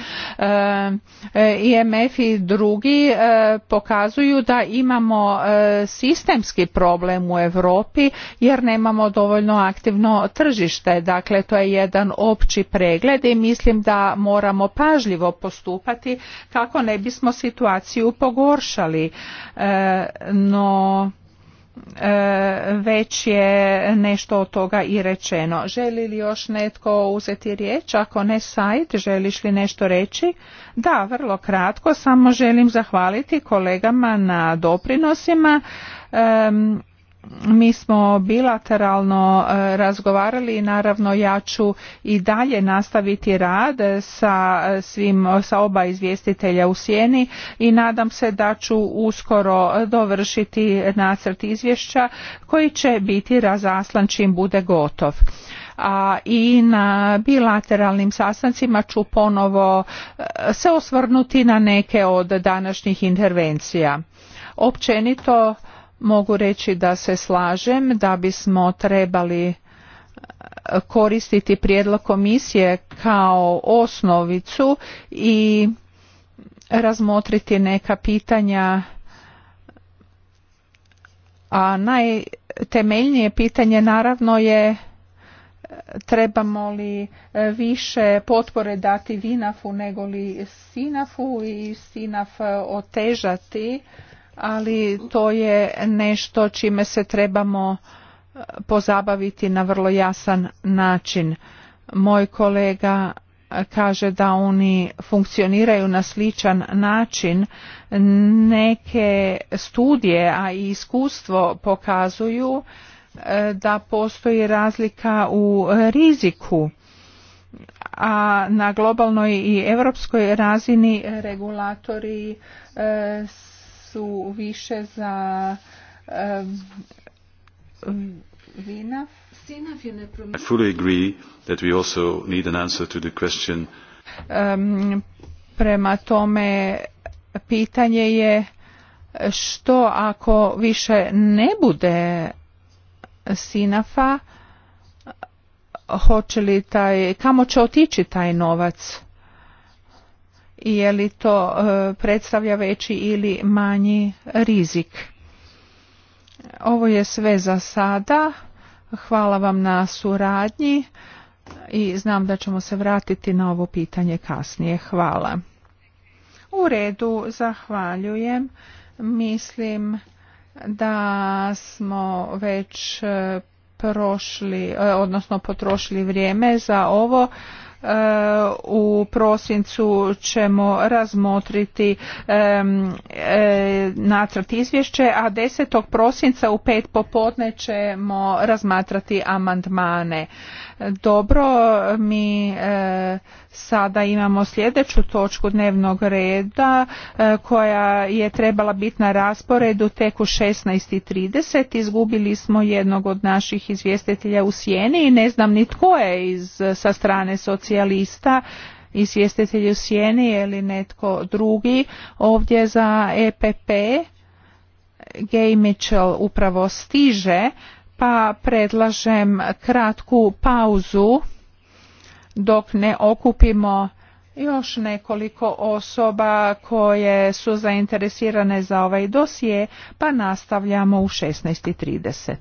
IMF e i drugi e, pokazuju da imamo e, sistemski problem u Europi jer nemamo dovoljno aktivno tržište. Dakle, to je jedan opći pregled i mislim da moramo pažljivo postupati kako ne bismo situaciju pogoršali. No E, već je nešto od toga i rečeno. Želi li još netko uzeti riječ? Ako ne sajt, želiš li nešto reći? Da, vrlo kratko, samo želim zahvaliti kolegama na doprinosima mi smo bilateralno e, razgovarali i naravno ja ću i dalje nastaviti rad sa e, svim sa oba izvjestitelja u sjeni i nadam se da ću uskoro dovršiti nacrt izvješća koji će biti razaslan čim bude gotov a i na bilateralnim sastancima ću ponovo e, se osvrnuti na neke od današnjih intervencija općenito mogu reći da se slažem da bismo trebali e, koristiti prijedlog komisije kao osnovicu i razmotriti neka pitanja a najtemeljnije pitanje naravno je e, trebamo li e, više potpore dati vinafu nego li sinafu i sinaf otežati ali to je nešto čime se trebamo e, pozabaviti na vrlo jasan način. Moj kolega kaže da oni funkcioniraju na sličan način. Neke studije, a i iskustvo pokazuju e, da postoji razlika u riziku a na globalnoj i europskoj razini regulatori e, su više za um, vina. I fully agree that we also need an answer to the question. Um, prema tome pitanje je što ako više ne bude sinafa, hoće li taj, kamo će otići taj novac? je li to e, predstavlja veći ili manji rizik. Ovo je sve za sada. Hvala vam na suradnji i znam da ćemo se vratiti na ovo pitanje kasnije. Hvala. U redu, zahvaljujem. Mislim da smo već e, prošli, e, odnosno potrošili vrijeme za ovo. U prosincu ćemo razmotriti e, nacrt izvješće, a 10. prosinca u pet popodne ćemo razmatrati amandmane. Dobro, mi e, sada imamo sljedeću točku dnevnog reda e, koja je trebala biti na rasporedu tek u 16.30. Izgubili smo jednog od naših izvjestitelja u sjeni i ne znam ni tko je iz, sa strane socijalista izvjestitelj u sjeni ili netko drugi ovdje za EPP. Gay Mitchell upravo stiže pa predlažem kratku pauzu dok ne okupimo još nekoliko osoba koje su zainteresirane za ovaj dosije, pa nastavljamo u 16.30.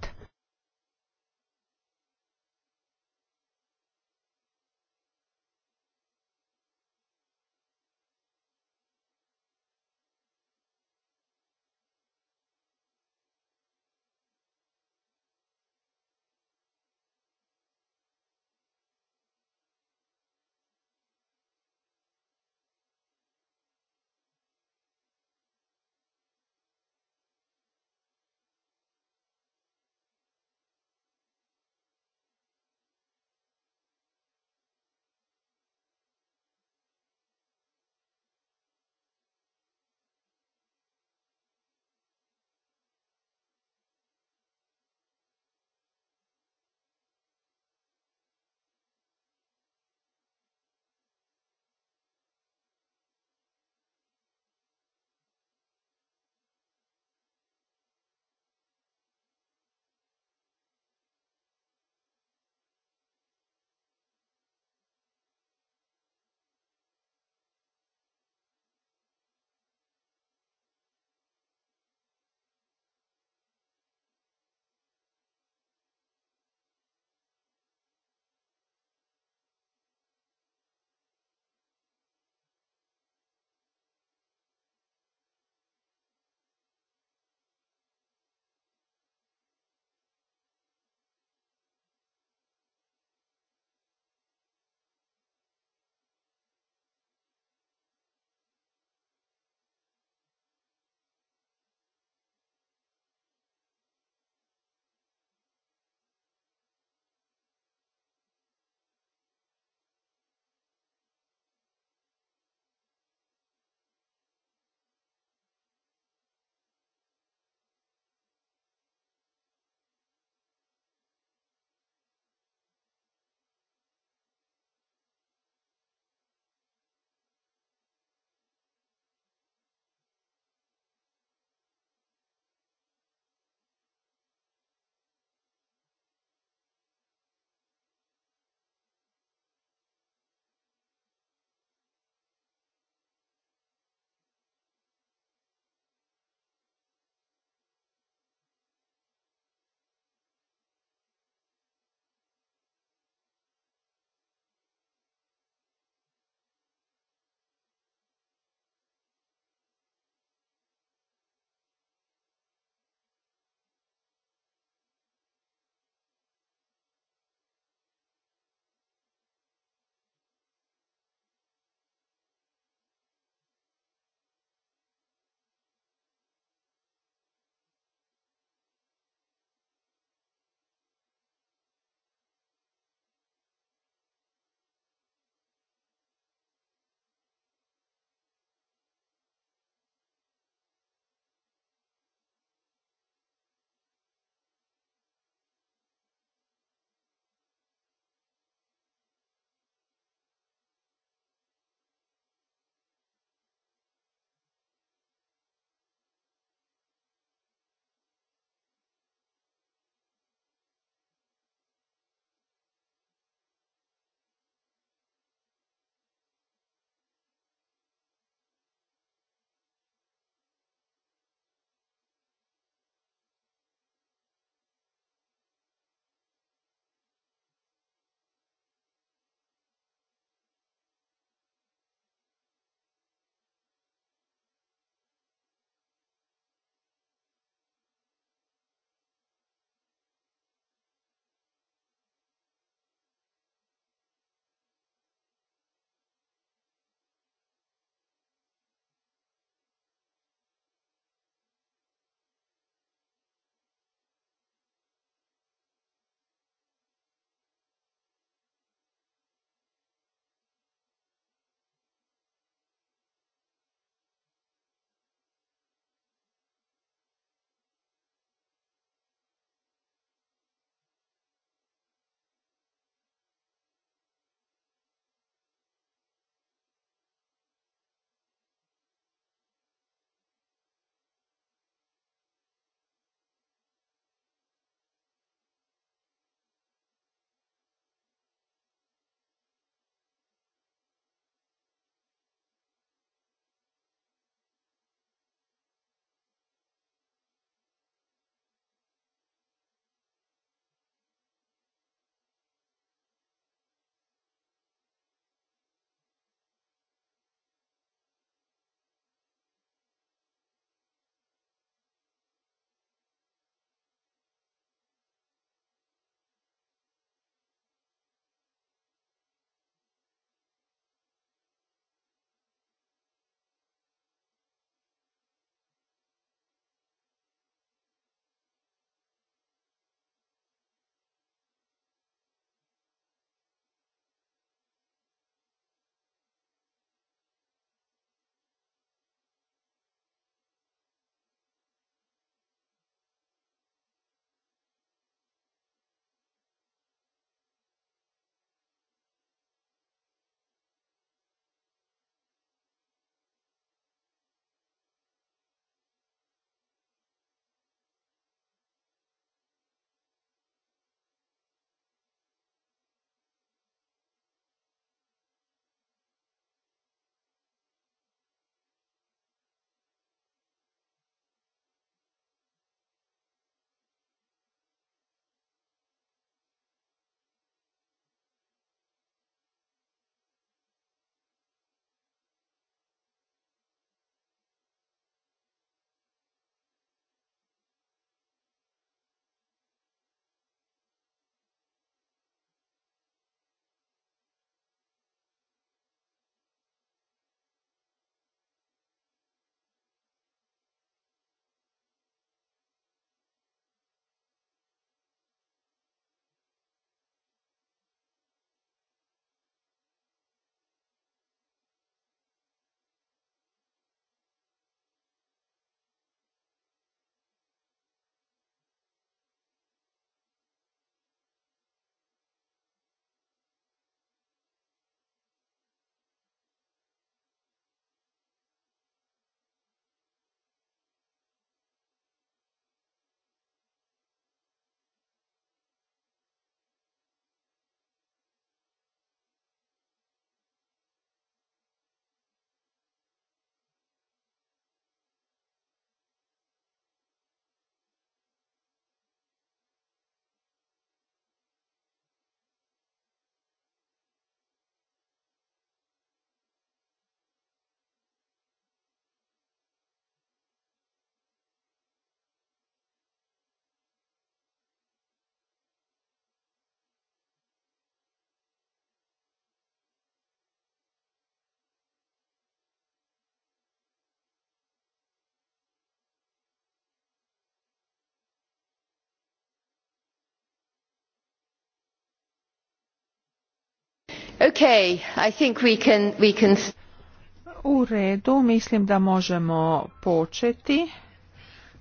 U redu, mislim da možemo početi.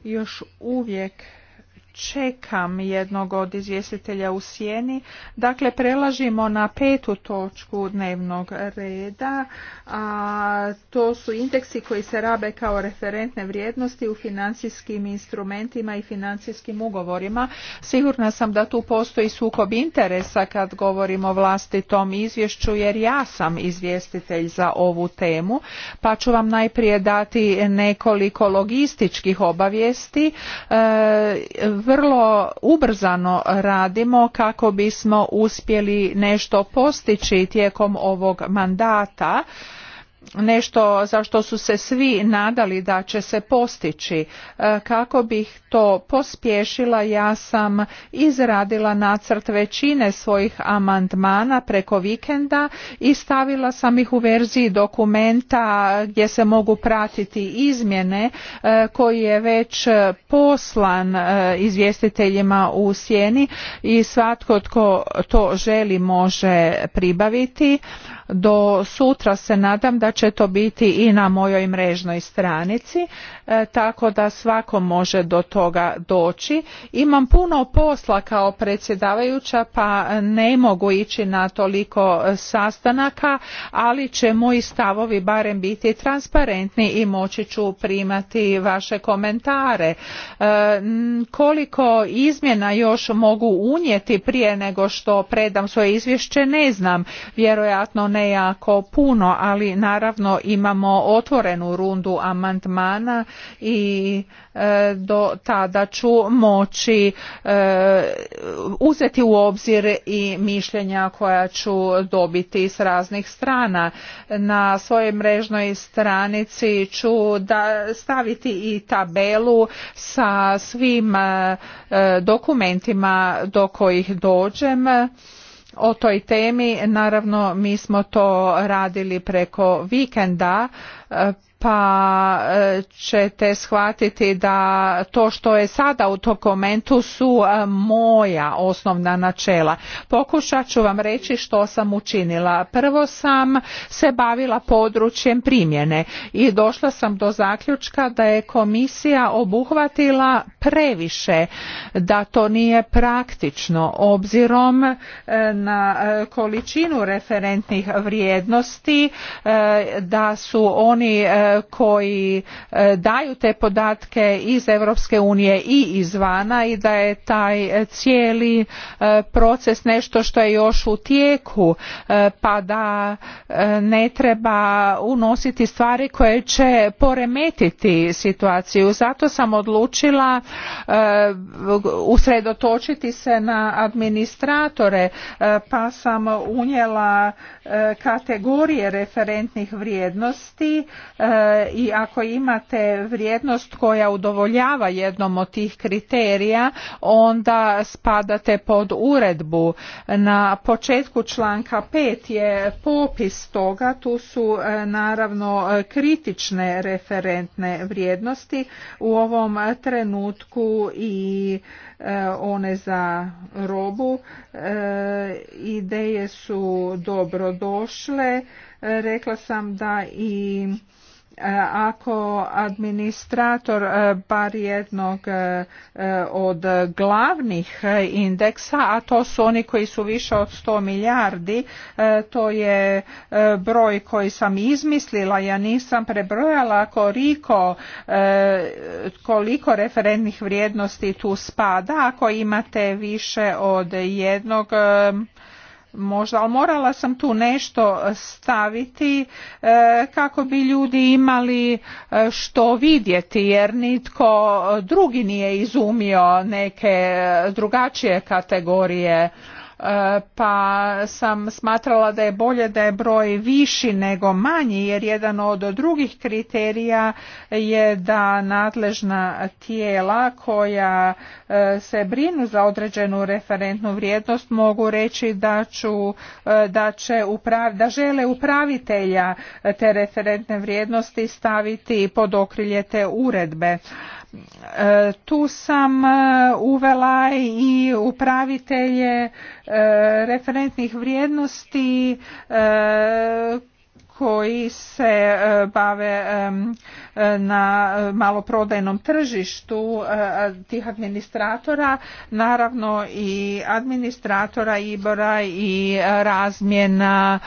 Još uvijek čekam jednog od izvjestitelja u sjeni. Dakle, prelažimo na petu točku dnevnog reda, a to su indeksi koji se rabe kao referentne vrijednosti u financijskim instrumentima i financijskim ugovorima. Sigurna sam da tu postoji sukob interesa kad govorimo o vlastitom izvješću, jer ja sam izvjestitelj za ovu temu, pa ću vam najprije dati nekoliko logističkih obavijesti. E, vrlo ubrzano radimo kako bismo uspjeli nešto postići tijekom ovog mandata nešto za što su se svi nadali da će se postići. E, kako bih to pospješila, ja sam izradila nacrt većine svojih amandmana preko vikenda i stavila sam ih u verziji dokumenta gdje se mogu pratiti izmjene e, koji je već poslan e, izvjestiteljima u sjeni i svatko tko to želi može pribaviti. Do sutra se nadam da će to biti i na mojoj mrežnoj stranici. E, tako da svako može do toga doći. Imam puno posla kao predsjedavajuća pa ne mogu ići na toliko e, sastanaka, ali će moji stavovi barem biti transparentni i moći ću primati vaše komentare. E, koliko izmjena još mogu unijeti prije nego što predam svoje izvješće ne znam, vjerojatno ne jako puno, ali naravno imamo otvorenu rundu amandmana i e, do tada ću moći e, uzeti u obzir i mišljenja koja ću dobiti s raznih strana. Na svojoj mrežnoj stranici ću da staviti i tabelu sa svim e, dokumentima do kojih dođem o toj temi. Naravno, mi smo to radili preko vikenda pa e, ćete shvatiti da to što je sada u komentu su e, moja osnovna načela. Pokušat ću vam reći što sam učinila. Prvo sam se bavila područjem primjene i došla sam do zaključka da je komisija obuhvatila previše, da to nije praktično obzirom e, na količinu referentnih vrijednosti, da su oni koji e, daju te podatke iz Europske unije i izvana i da je taj cijeli e, proces nešto što je još u tijeku e, pa da ne treba unositi stvari koje će poremetiti situaciju. Zato sam odlučila usredotočiti se na administratore pa sam unijela kategorije referentnih vrijednosti i ako imate vrijednost koja udovoljava jednom od tih kriterija onda spadate pod uredbu. Na početku članka 5 je popis toga, tu su e, naravno kritične referentne vrijednosti u ovom trenutku i e, one za robu. E, ideje su dobro došle. Rekla sam da i ako administrator e, bar jednog e, e, od glavnih indeksa, a to su oni koji su više od 100 milijardi, to je broj koji sam izmislila, ja nisam prebrojala koliko, koliko referentnih vrijednosti tu spada, ako imate više od jednog možda, ali morala sam tu nešto staviti e, kako bi ljudi imali e, što vidjeti jer nitko drugi nije izumio neke e, drugačije kategorije pa sam smatrala da je bolje da je broj viši nego manji jer jedan od drugih kriterija je da nadležna tijela koja e, se brinu za određenu referentnu vrijednost mogu reći da e, da će uprav, da žele upravitelja te referentne vrijednosti staviti pod okrilje te uredbe E, tu sam e, uvela i upravitelje e, referentnih vrijednosti koji se bave na maloprodajnom tržištu tih administratora, naravno i administratora Ibora i razmjena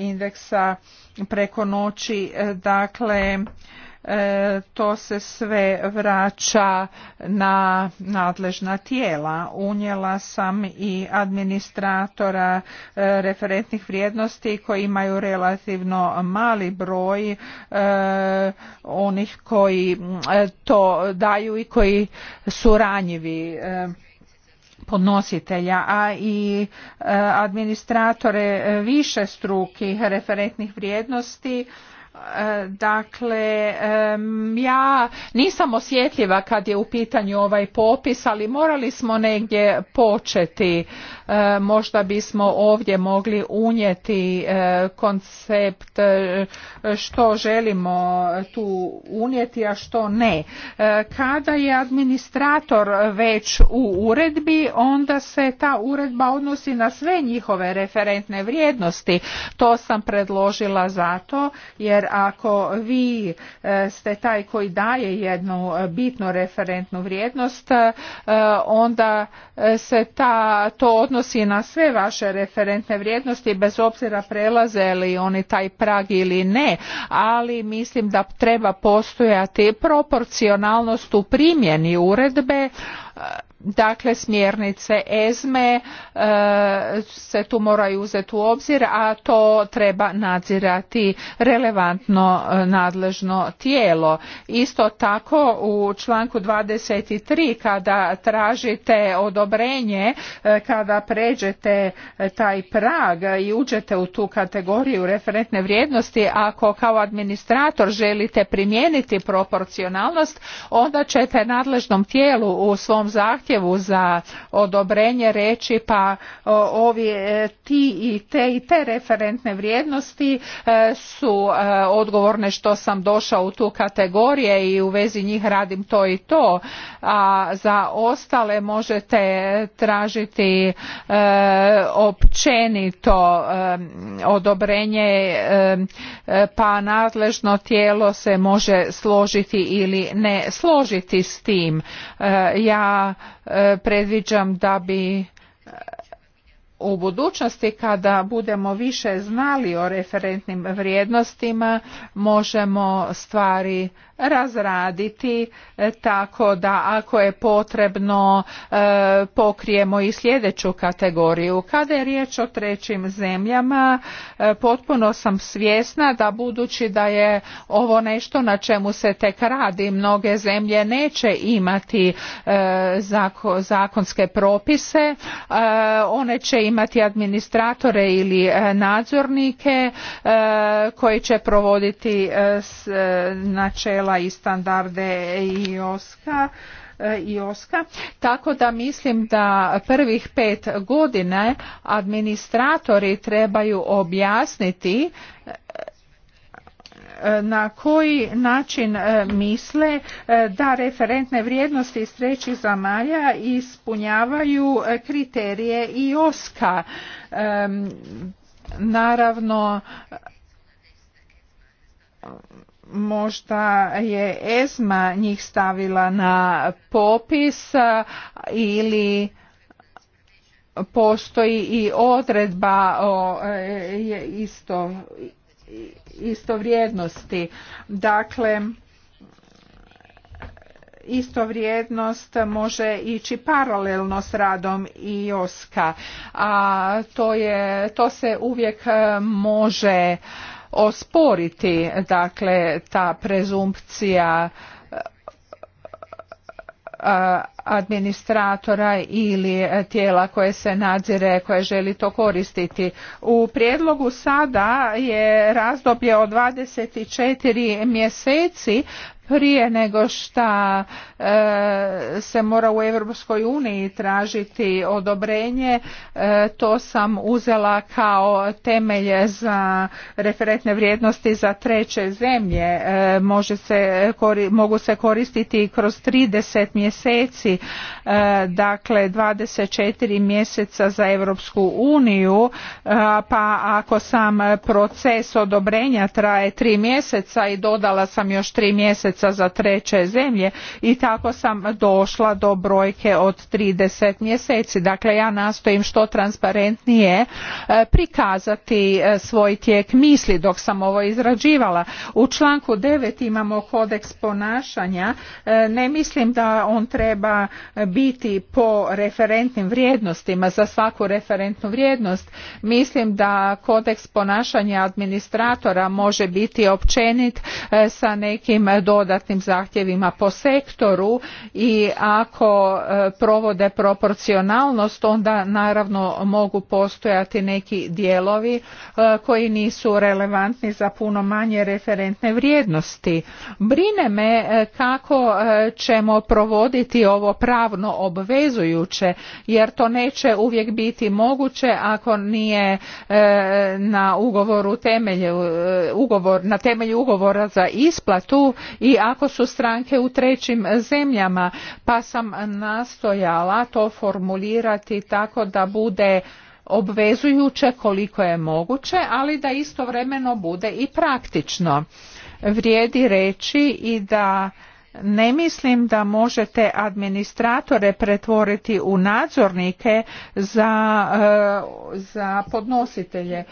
indeksa preko noći. Dakle, E, to se sve vraća na nadležna tijela. Unijela sam i administratora e, referentnih vrijednosti koji imaju relativno mali broj e, onih koji to daju i koji su ranjivi podnositelja, a i administratore više strukih referentnih vrijednosti E, dakle, ja nisam osjetljiva kad je u pitanju ovaj popis, ali morali smo negdje početi. E, možda bismo ovdje mogli unijeti e, koncept što želimo tu unijeti, a što ne. Kada je administrator već u uredbi, onda se ta uredba odnosi na sve njihove referentne vrijednosti. To sam predložila zato jer ako vi e, ste taj koji daje jednu e, bitnu referentnu vrijednost e, onda se ta to odnosi na sve vaše referentne vrijednosti bez obzira prelaze li oni taj prag ili ne ali mislim da treba postojati proporcionalnost u primjeni uredbe Dakle, smjernice EZME e, e, se tu moraju uzeti u obzir, a to treba nadzirati relevantno e, nadležno tijelo. Isto tako u članku 23 kada tražite odobrenje, kada pređete taj prag i uđete u tu kategoriju referentne vrijednosti, ako kao administrator želite primijeniti proporcionalnost, onda ćete nadležnom tijelu u svom zahtjevu za odobrenje reći pa ovi e, ti i te i te referentne vrijednosti e, su e, odgovorne što sam došao u tu kategorije i u vezi njih radim to i to a za ostale možete tražiti općenito odobrenje pa nadležno tijelo se može složiti ili ne složiti s tim ja E, predviđam da bi e, u budućnosti kada budemo više znali o referentnim vrijednostima možemo stvari razraditi e, tako da ako je potrebno e, pokrijemo i sljedeću kategoriju. Kada je riječ o trećim zemljama e, potpuno sam svjesna da budući da je ovo nešto na čemu se tek radi mnoge zemlje neće imati zakonske propise one će imati administratore ili nadzornike koji će provoditi načela i standarde IOSKA eh, oska. Tako da mislim da prvih pet godine administratori trebaju objasniti eh, na koji način eh, misle da referentne vrijednosti iz trećih zamalja ispunjavaju kriterije IOSKA. Naravno, možda je ESMA njih stavila na popis ili postoji i odredba o e, isto vrijednosti. Dakle, isto vrijednost može ići paralelno s radom IOSKA, a to, je, to se uvijek e, može osporiti dakle ta prezumpcija administratora ili tijela koje se nadzire koje želi to koristiti. U prijedlogu sada je razdoblje od 24 mjeseci prije nego šta e, se mora u Europskoj uniji tražiti odobrenje, e, to sam uzela kao temelje za referentne vrijednosti za treće zemlje. E, može se, mogu se koristiti kroz 30 mjeseci, dakle 24 mjeseca za Europsku uniju, pa ako sam proces odobrenja traje 3 mjeseca i dodala sam još 3 mjeseca za treće zemlje i tako sam došla do brojke od 30 mjeseci. Dakle, ja nastojim što transparentnije e, prikazati e, svoj tijek misli dok sam ovo izrađivala. U članku 9 imamo kodeks ponašanja. E, ne mislim da on treba biti po referentnim vrijednostima za svaku referentnu vrijednost. Mislim da kodeks ponašanja administratora može biti općenit sa nekim dodatnim dodatnim zahtjevima po sektoru i ako e, provode proporcionalnost onda naravno mogu postojati neki dijelovi e, koji nisu relevantni za puno manje referentne vrijednosti. Brine me e, kako ćemo provoditi ovo pravno obvezujuće jer to neće uvijek biti moguće ako nije na ugovoru temelju, ugovor, na temelju ugovora za isplatu i ako su stranke u trećim zemljama pa sam nastojala to formulirati tako da bude obvezujuće koliko je moguće ali da istovremeno bude i praktično vrijedi reći i da ne mislim da možete administratore pretvoriti u nadzornike za, eh, za podnositelje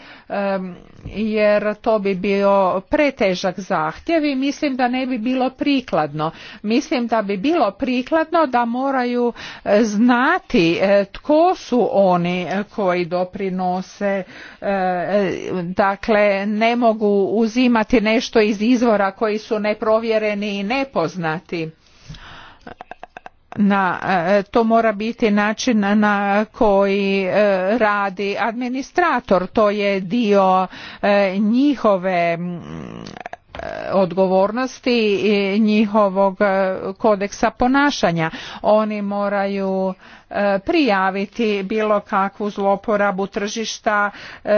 jer to bi bio pretežak zahtjev i mislim da ne bi bilo prikladno. Mislim da bi bilo prikladno da moraju eh, znati eh, tko su oni koji doprinose dakle ne mogu uzimati nešto iz izvora koji su neprovjereni i nepoznati na e, to mora biti način na koji e, radi administrator to je dio e, njihove odgovornosti i njihovog e, kodeksa ponašanja. Oni moraju e, prijaviti bilo kakvu zloporabu tržišta e,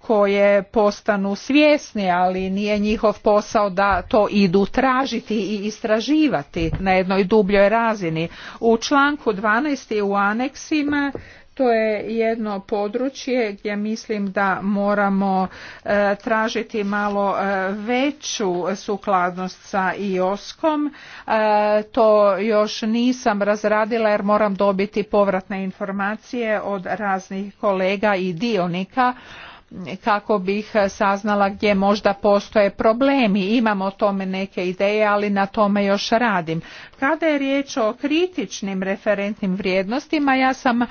koje postanu svjesni, ali nije njihov posao da to idu tražiti i istraživati na jednoj dubljoj razini. U članku 12. u aneksima to je jedno područje gdje mislim da moramo e, tražiti malo e, veću sukladnost sa IOSKOM. E, to još nisam razradila jer moram dobiti povratne informacije od raznih kolega i dionika kako bih saznala gdje možda postoje problemi. Imam o tome neke ideje, ali na tome još radim. Kada je riječ o kritičnim referentnim vrijednostima, ja sam e,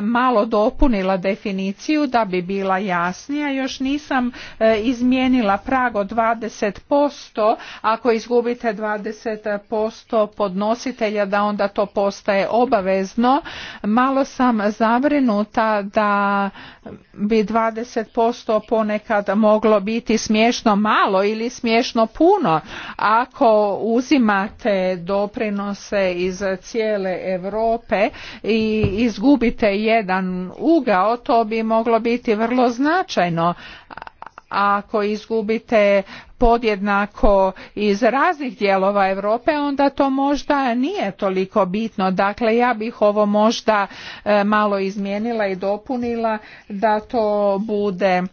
malo dopunila definiciju da bi bila jasnija. Još nisam e, izmijenila prago od 20%. Ako izgubite 20% podnositelja, da onda to postaje obavezno. Malo sam zabrinuta da bi 20% posto ponekad moglo biti smiješno malo ili smiješno puno ako uzimate doprinose iz cijele Europe i izgubite jedan ugao to bi moglo biti vrlo značajno ako izgubite podjednako iz raznih dijelova Europe onda to možda nije toliko bitno. Dakle ja bih ovo možda e, malo izmijenila i dopunila da to bude e,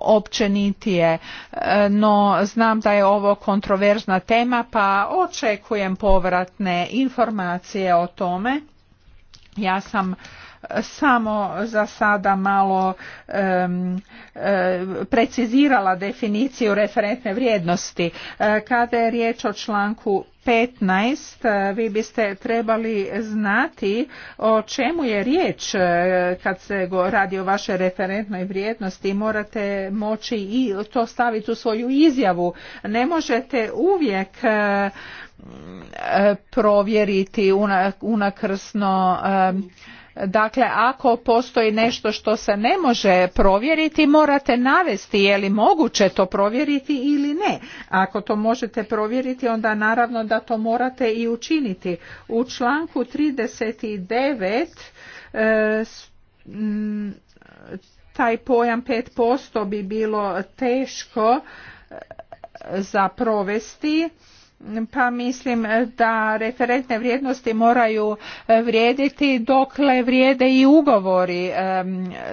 općenitije, e, no znam da je ovo kontroverzna tema pa očekujem povratne informacije o tome. Ja sam samo za sada malo e, precizirala definiciju referentne vrijednosti. E, kada je riječ o članku 15 e, vi biste trebali znati o čemu je riječ kad se radi o vašoj referentnoj vrijednosti morate moći i to staviti u svoju izjavu ne možete uvijek provjeriti unakrsno Dakle, ako postoji nešto što se ne može provjeriti, morate navesti je li moguće to provjeriti ili ne. Ako to možete provjeriti, onda naravno da to morate i učiniti. U članku 39 e, taj pojam posto bi bilo teško e, za provesti pa mislim da referentne vrijednosti moraju e, vrijediti dokle vrijede i ugovori e,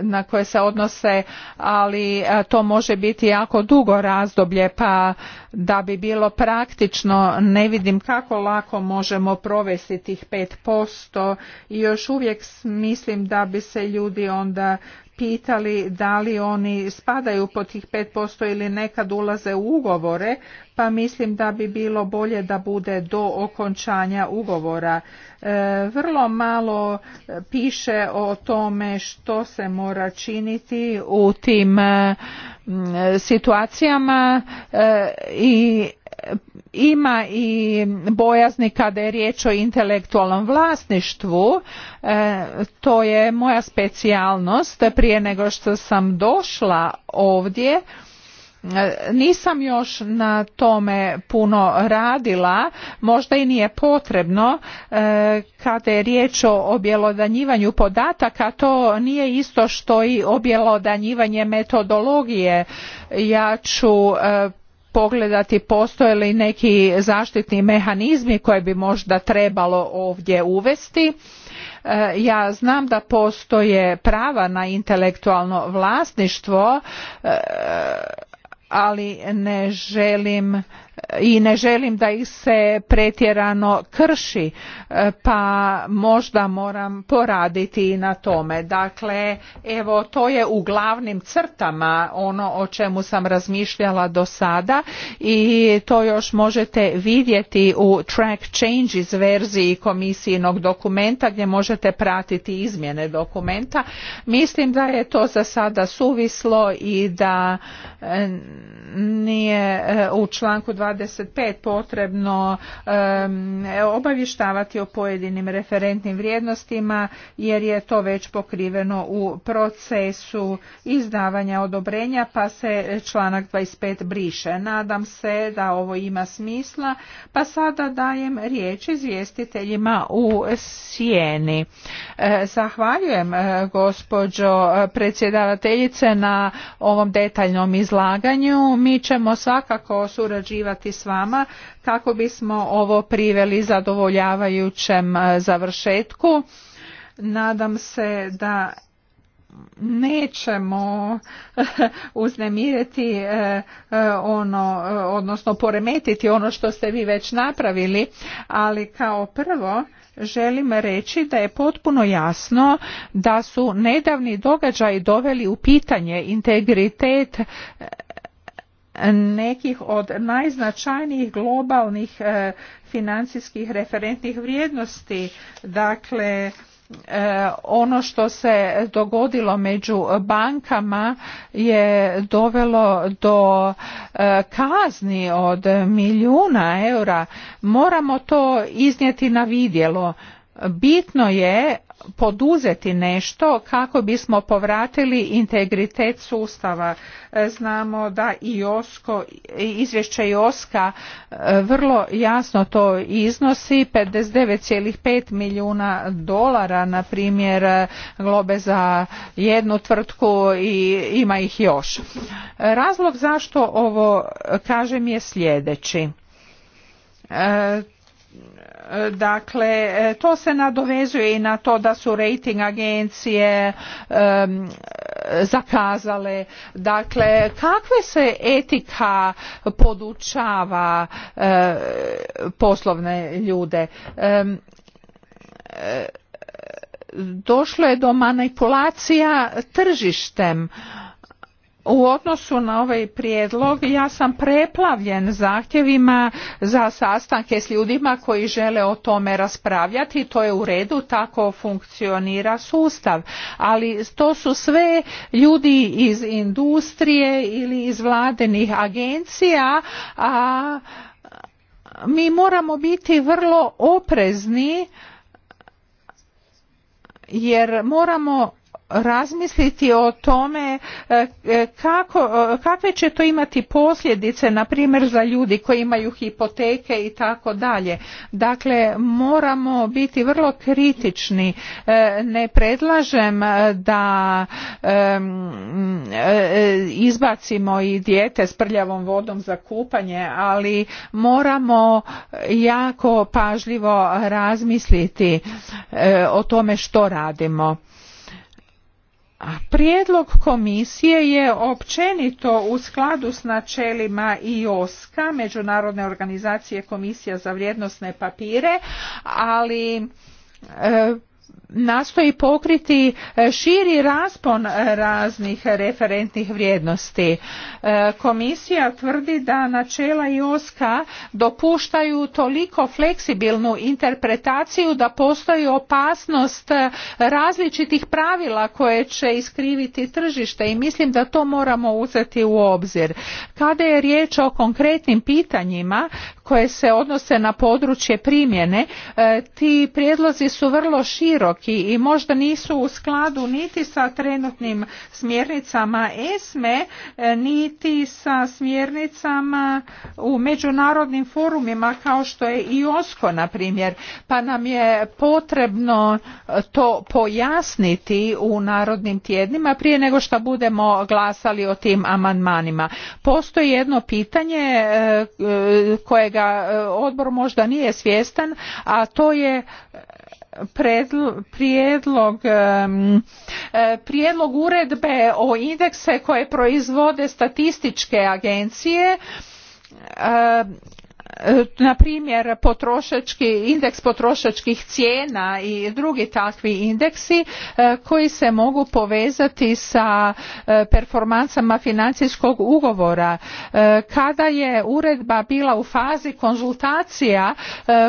na koje se odnose ali e, to može biti jako dugo razdoblje pa da bi bilo praktično ne vidim kako lako možemo provesti tih 5% i još uvijek mislim da bi se ljudi onda pitali da li oni spadaju po tih 5% ili nekad ulaze u ugovore pa mislim da bi bilo bolje da bude do okončanja ugovora. E, vrlo malo piše o tome što se mora činiti u tim e, situacijama e, i ima i bojazni kada je riječ o intelektualnom vlasništvu to je moja specijalnost prije nego što sam došla ovdje E, nisam još na tome puno radila možda i nije potrebno e, kada je riječ o objelodanjivanju podataka to nije isto što i objelodanjivanje metodologije ja ću e, pogledati postoje li neki zaštitni mehanizmi koje bi možda trebalo ovdje uvesti ja znam da postoje prava na intelektualno vlasništvo ali ne želim i ne želim da ih se pretjerano krši e, pa možda moram poraditi i na tome. Dakle, evo to je u glavnim crtama ono o čemu sam razmišljala do sada i to još možete vidjeti u track changes verziji komisijinog dokumenta gdje možete pratiti izmjene dokumenta. Mislim da je to za sada suvislo i da e, nije e, u članku 25 potrebno obavještavati o pojedinim referentnim vrijednostima jer je to već pokriveno u procesu izdavanja odobrenja pa se članak 25 briše. Nadam se da ovo ima smisla pa sada dajem riječ izvjestiteljima u sjeni. E, zahvaljujem e, gospođo predsjedavateljice na ovom detaljnom izlaganju. Mi ćemo svakako surađivati razgovarati s vama kako bismo ovo priveli zadovoljavajućem e, završetku. Nadam se da nećemo [LAUGHS] uznemiriti e, e, ono, odnosno poremetiti ono što ste vi već napravili, ali kao prvo želim reći da je potpuno jasno da su nedavni događaji doveli u pitanje integritet nekih od najznačajnijih globalnih e, financijskih referentnih vrijednosti. Dakle, e, ono što se dogodilo među bankama je dovelo do e, kazni od milijuna eura. Moramo to iznijeti na vidjelo bitno je poduzeti nešto kako bismo povratili integritet sustava. E, znamo da i Osko, izvješće joska e, vrlo jasno to iznosi 59,5 milijuna dolara na primjer e, globe za jednu tvrtku i ima ih još. Razlog zašto ovo kažem je sljedeći. Dakle, to se nadovezuje i na to da su rating agencije zakazale. Dakle, kakve se etika podučava eh, poslovne ljude? Eh, došlo je do manipulacija tržištem u odnosu na ovaj prijedlog ja sam preplavljen zahtjevima za sastanke s ljudima koji žele o tome raspravljati to je u redu tako funkcionira sustav ali to su sve ljudi iz industrije ili iz vladenih agencija a mi moramo biti vrlo oprezni jer moramo razmisliti o tome e, e, kako, e, kakve će to imati posljedice na primjer za ljudi koji imaju hipoteke i tako dalje dakle moramo biti vrlo kritični ne predlažem da izbacimo i dijete s prljavom vodom za kupanje ali moramo jako pažljivo razmisliti o tome što radimo Prijedlog komisije je općenito u skladu s načelima IOSKA, Međunarodne organizacije komisija za vrijednosne papire, ali e, nastoji pokriti e, širi raspon e, raznih referentnih vrijednosti. E, komisija tvrdi da načela OSKA dopuštaju toliko fleksibilnu interpretaciju da postoji opasnost različitih pravila koje će iskriviti tržište i mislim da to moramo uzeti u obzir. Kada je riječ o konkretnim pitanjima koje se odnose na područje primjene, ti prijedlozi su vrlo široki i možda nisu u skladu niti sa trenutnim smjernicama ESME, e, niti sa smjernicama u međunarodnim forumima kao što je i OSKO, na primjer. Pa nam je potrebno to pojasniti u narodnim tjednima prije nego što budemo glasali o tim amandmanima. Postoji jedno pitanje e, e, kojega odbor možda nije svjestan, a to je prijedlog e, prijedlog uredbe o indekse koje proizvode statističke agencije E, na primjer potrošački indeks potrošačkih cijena i drugi takvi indeksi e, koji se mogu povezati sa e, performansama financijskog ugovora kada je uredba bila u fazi konzultacija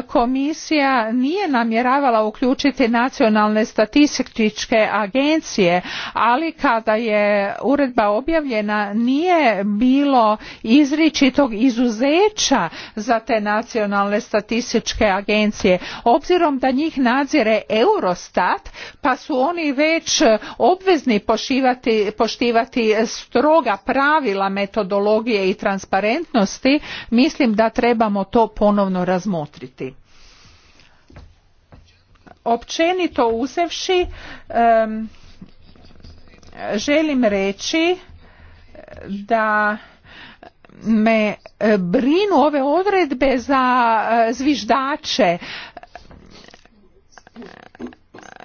komisija nije namjeravala uključiti nacionalne statističke agencije ali kada je uredba objavljena nije bilo izričitog izuzeća za te nacionalne statističke agencije obzirom da njih nadzire eurostat pa su oni već e, obvezni poštivati, stroga pravila metodologije i transparentnosti mislim da trebamo to ponovno razmotriti općenito uzevši želim reći da me e, brinu ove odredbe za e, zviždače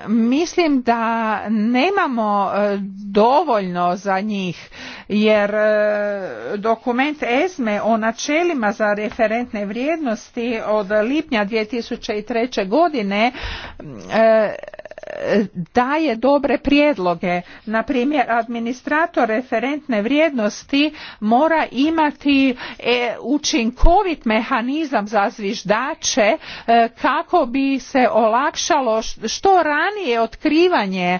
mislim da nemamo e, dovoljno za njih jer dokument ESME o načelima za referentne vrijednosti od lipnja 2003. godine daje dobre prijedloge. Na primjer, administrator referentne vrijednosti mora imati e, učinkovit mehanizam za zviždače e, kako bi se olakšalo što ranije otkrivanje e,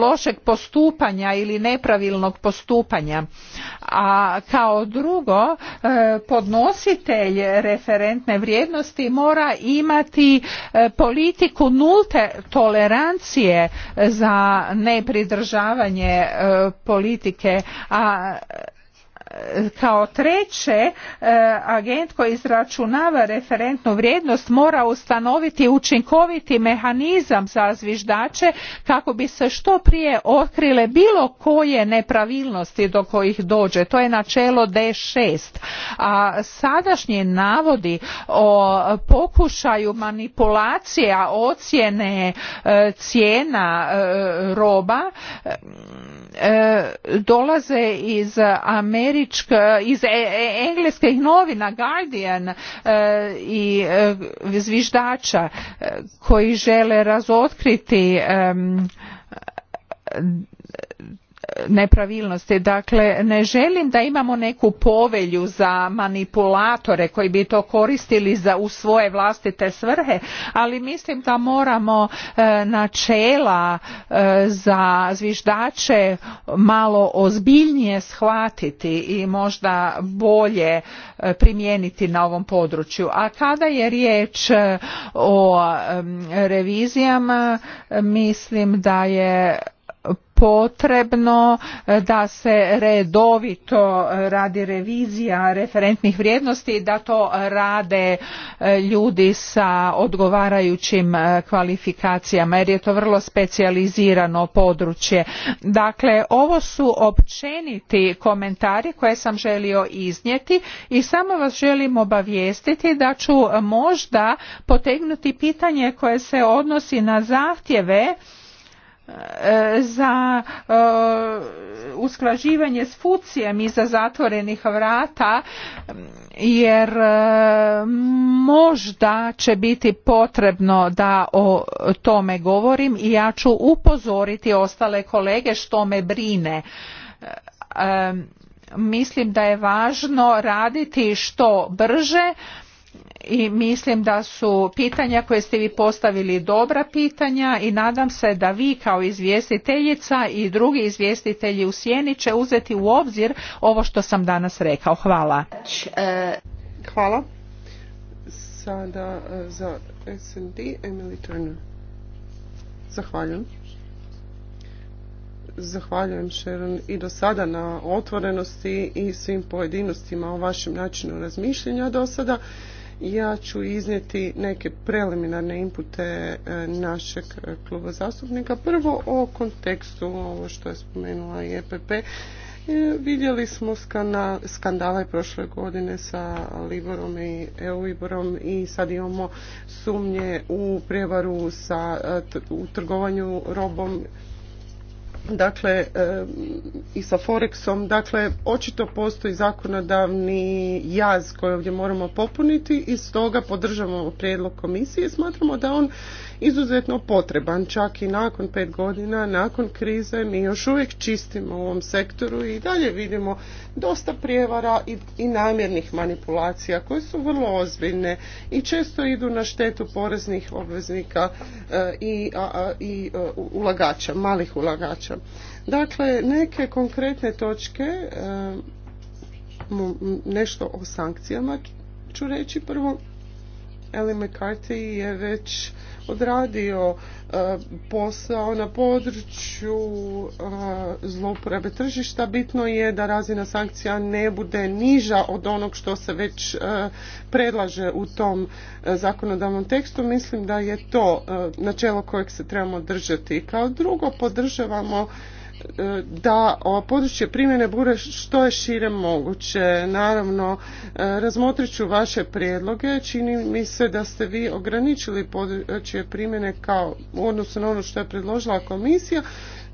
lošeg postupanja ili nepravilnog postupanja. A kao drugo, podnositelj referentne vrijednosti mora imati politiku nulte tolerancije za nepridržavanje e, politike a kao treće e, agent koji izračunava referentnu vrijednost mora ustanoviti učinkoviti mehanizam za zviždače kako bi se što prije otkrile bilo koje nepravilnosti do kojih dođe to je načelo D6 a sadašnji navodi o pokušaju manipulacija ocjene e, cijena e, roba dolaze iz Amerike E, iz e, e, engleskih novina Guardian i zviždača koji žele razotkriti nepravilnosti. Dakle, ne želim da imamo neku povelju za manipulatore koji bi to koristili za, u svoje vlastite svrhe, ali mislim da moramo e, načela e, za zviždače malo ozbiljnije shvatiti i možda bolje e, primijeniti na ovom području. A kada je riječ o revizijama, mislim da je potrebno eh, da se redovito eh, radi revizija referentnih vrijednosti da to rade eh, ljudi sa odgovarajućim kvalifikacijama jer je to vrlo specijalizirano područje dakle ovo su općeniti komentari koje sam želio iznijeti i samo vas želim obavijestiti da ću možda potegnuti pitanje koje se odnosi na zahtjeve E, za e, usklaživanje s fucijem iza zatvorenih vrata jer e, možda će biti potrebno da o tome govorim i ja ću upozoriti ostale kolege što me brine mislim da je važno raditi što brže i mislim da su pitanja koje ste vi postavili dobra pitanja i nadam se da vi kao izvjestiteljica i drugi izvjestitelji u sjeni će uzeti u obzir ovo što sam danas rekao. Hvala. Hvala. Sada e, za SND Emily Turner. Zahvaljujem. Zahvaljujem Sharon i do sada na otvorenosti i svim pojedinostima o vašem načinu razmišljenja do sada. Ja ću iznijeti neke preliminarne inpute e, našeg e, kluba zastupnika. Prvo o kontekstu, ovo što je spomenula i EPP. E, vidjeli smo skandale prošle godine sa Liborom i Euiborom i sad imamo sumnje u prijevaru sa, u trgovanju robom dakle e, i sa Forexom, dakle očito postoji zakonodavni jaz koji ovdje moramo popuniti i stoga podržavamo prijedlog komisije. Smatramo da on izuzetno potreban. Čak i nakon pet godina, nakon krize, mi još uvijek čistimo u ovom sektoru i dalje vidimo dosta prijevara i, i namjernih manipulacija koje su vrlo ozbiljne i često idu na štetu poreznih obveznika eh, i, i eh, ulagača, malih ulagača. Dakle, neke konkretne točke, eh, nešto o sankcijama ću reći prvo. Ellen McCarthy je već odradio e, posao na području e, zlouporabe tržišta. Bitno je da razina sankcija ne bude niža od onog što se već e, predlaže u tom zakonodavnom tekstu. Mislim da je to načelo kojeg se trebamo držati. Kao drugo podržavamo da područje primjene bude što je šire moguće. Naravno, e, razmotrit ću vaše prijedloge. Čini mi se da ste vi ograničili područje primjene kao u odnosu na ono što je predložila komisija.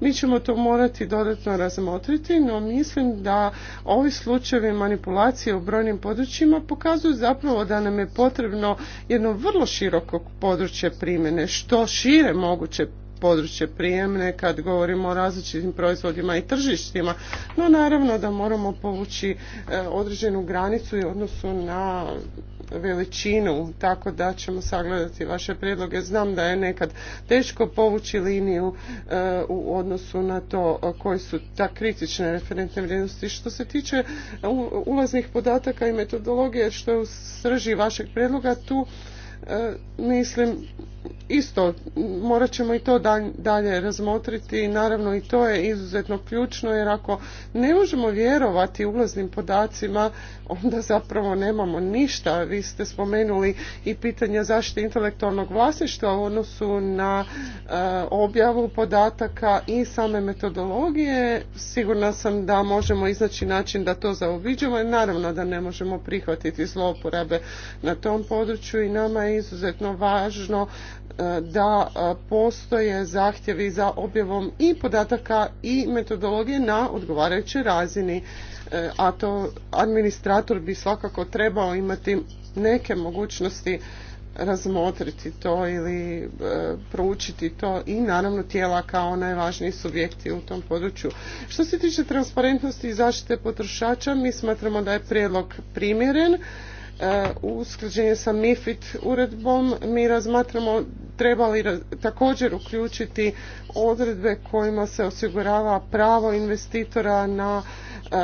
Mi ćemo to morati dodatno razmotriti, no mislim da ovi slučajevi manipulacije u brojnim područjima pokazuju zapravo da nam je potrebno jedno vrlo široko područje primjene, što šire moguće područje prijemne kad govorimo o različitim proizvodima i tržištima, no naravno da moramo povući e, određenu granicu i odnosu na veličinu, tako da ćemo sagledati vaše prijedloge. Znam da je nekad teško povući liniju e, u odnosu na to e, koji su ta kritične referentne vrijednosti. Što se tiče ulaznih podataka i metodologije, što je u srži vašeg prijedloga, tu mislim isto morat ćemo i to dalje razmotriti i naravno i to je izuzetno ključno jer ako ne možemo vjerovati ulaznim podacima onda zapravo nemamo ništa. Vi ste spomenuli i pitanja zaštite intelektualnog vlasništva u odnosu na e, objavu podataka i same metodologije. Sigurna sam da možemo iznaći način da to zaobiđemo i naravno da ne možemo prihvatiti zlouporabe na tom području i nama je izuzetno važno E, da e, postoje zahtjevi za objavom i podataka i metodologije na odgovarajućoj razini, e, a to administrator bi svakako trebao imati neke mogućnosti razmotriti to ili proučiti to i naravno tijela kao najvažniji subjekti u tom području. Što se tiče transparentnosti i zaštite potrošača, mi smatramo da je prijedlog primjeren E, usklađenje sa MIFID uredbom mi razmatramo treba također uključiti odredbe kojima se osigurava pravo investitora na e,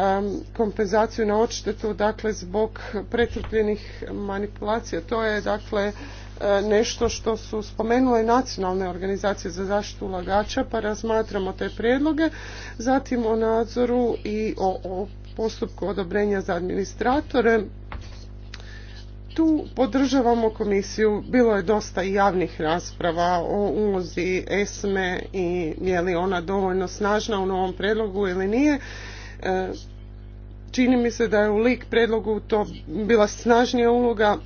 kompenzaciju na odštetu dakle zbog pretrpljenih manipulacija. To je dakle e, nešto što su spomenule nacionalne organizacije za zaštitu ulagača pa razmatramo te prijedloge. Zatim o nadzoru i o, o postupku odobrenja za administratore tu podržavamo komisiju. Bilo je dosta javnih rasprava o ulozi ESME i je li ona dovoljno snažna u novom predlogu ili nije. E, čini mi se da je u lik predlogu to bila snažnija uloga.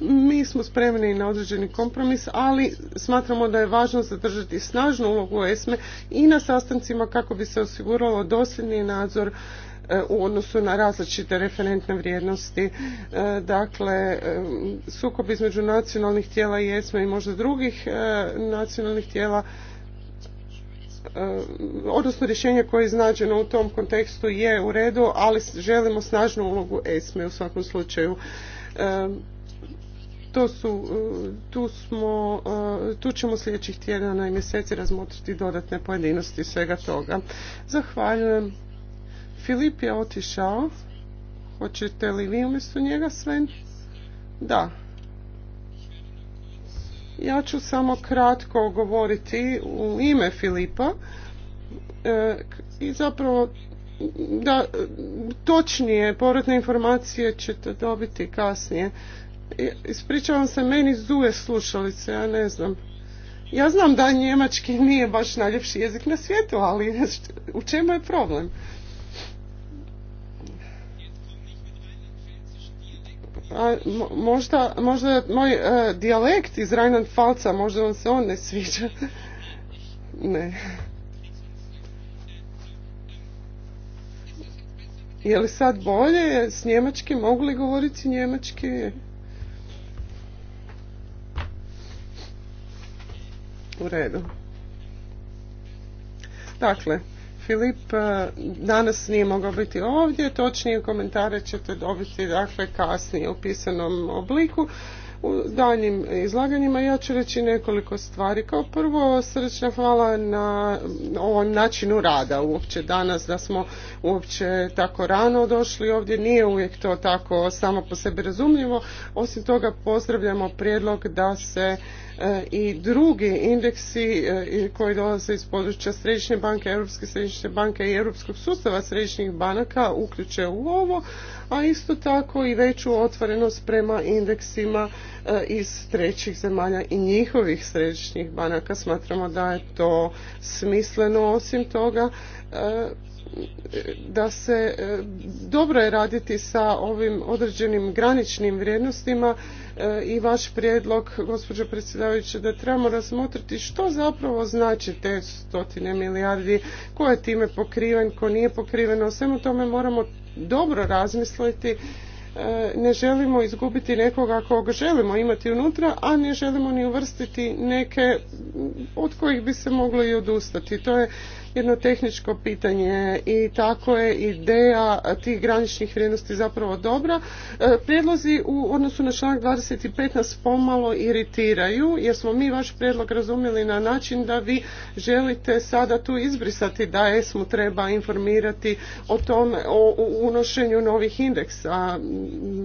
Mi smo spremni na određeni kompromis, ali smatramo da je važno zadržati snažnu ulogu ESME i na sastancima kako bi se osiguralo dosljedni nadzor E, u odnosu na različite referentne vrijednosti. E, dakle, e, sukob između nacionalnih tijela i ESMA i možda drugih nacionalnih tijela odnosno rješenje koje je iznađeno u tom kontekstu je u redu, ali želimo snažnu ulogu ESME u svakom slučaju. To su, tu, smo, tu ćemo sljedećih tjedana i mjeseci razmotriti dodatne pojedinosti svega toga. Zahvaljujem. Filip je otišao. Hoćete li vi umjesto njega, sve? Da. Ja ću samo kratko govoriti u ime Filipa e, i zapravo da točnije povratne informacije ćete dobiti kasnije. E, ispričavam se, meni zuje slušalice, ja ne znam. Ja znam da njemački nije baš najljepši jezik na svijetu, ali [LAUGHS] u čemu je problem? možda, možda moj e, dijalekt iz Rajnland-Falca, možda vam se on ne sviđa. [LAUGHS] ne. Je li sad bolje s njemački? Mogu li govoriti njemački? U redu. Dakle, Filip e, danas nije mogao biti ovdje, točnije komentare ćete dobiti dakle kasnije u pisanom obliku. U daljnjim izlaganjima ja ću reći nekoliko stvari. Kao prvo, srčna hvala na ovom načinu rada uopće danas, da smo uopće tako rano došli ovdje. Nije uvijek to tako samo po sebi razumljivo. Osim toga, pozdravljamo prijedlog da se e, i drugi indeksi e, koji dolaze iz područja Središnje banke, Europske središnje banke i Europskog sustava središnjih banaka uključe u ovo, a isto tako i veću otvorenost prema indeksima e, iz trećih zemalja i njihovih središnjih banaka. Smatramo da je to smisleno. Osim toga, e, da se e, dobro je raditi sa ovim određenim graničnim vrijednostima e, i vaš prijedlog, gospođo predsjedavajuća, da trebamo razmotriti što zapravo znači te stotine milijardi, ko je time pokriven, ko nije pokriven, o svemu tome moramo dobro razmisliti e, ne želimo izgubiti nekoga koga želimo imati unutra, a ne želimo ni uvrstiti neke od kojih bi se moglo i odustati. To je jedno tehničko pitanje i tako je ideja tih graničnih vrijednosti zapravo dobra. E, prijedlozi u odnosu na članak 25 nas pomalo iritiraju jer smo mi vaš prijedlog razumjeli na način da vi želite sada tu izbrisati da ESMU treba informirati o tome o unošenju novih indeksa.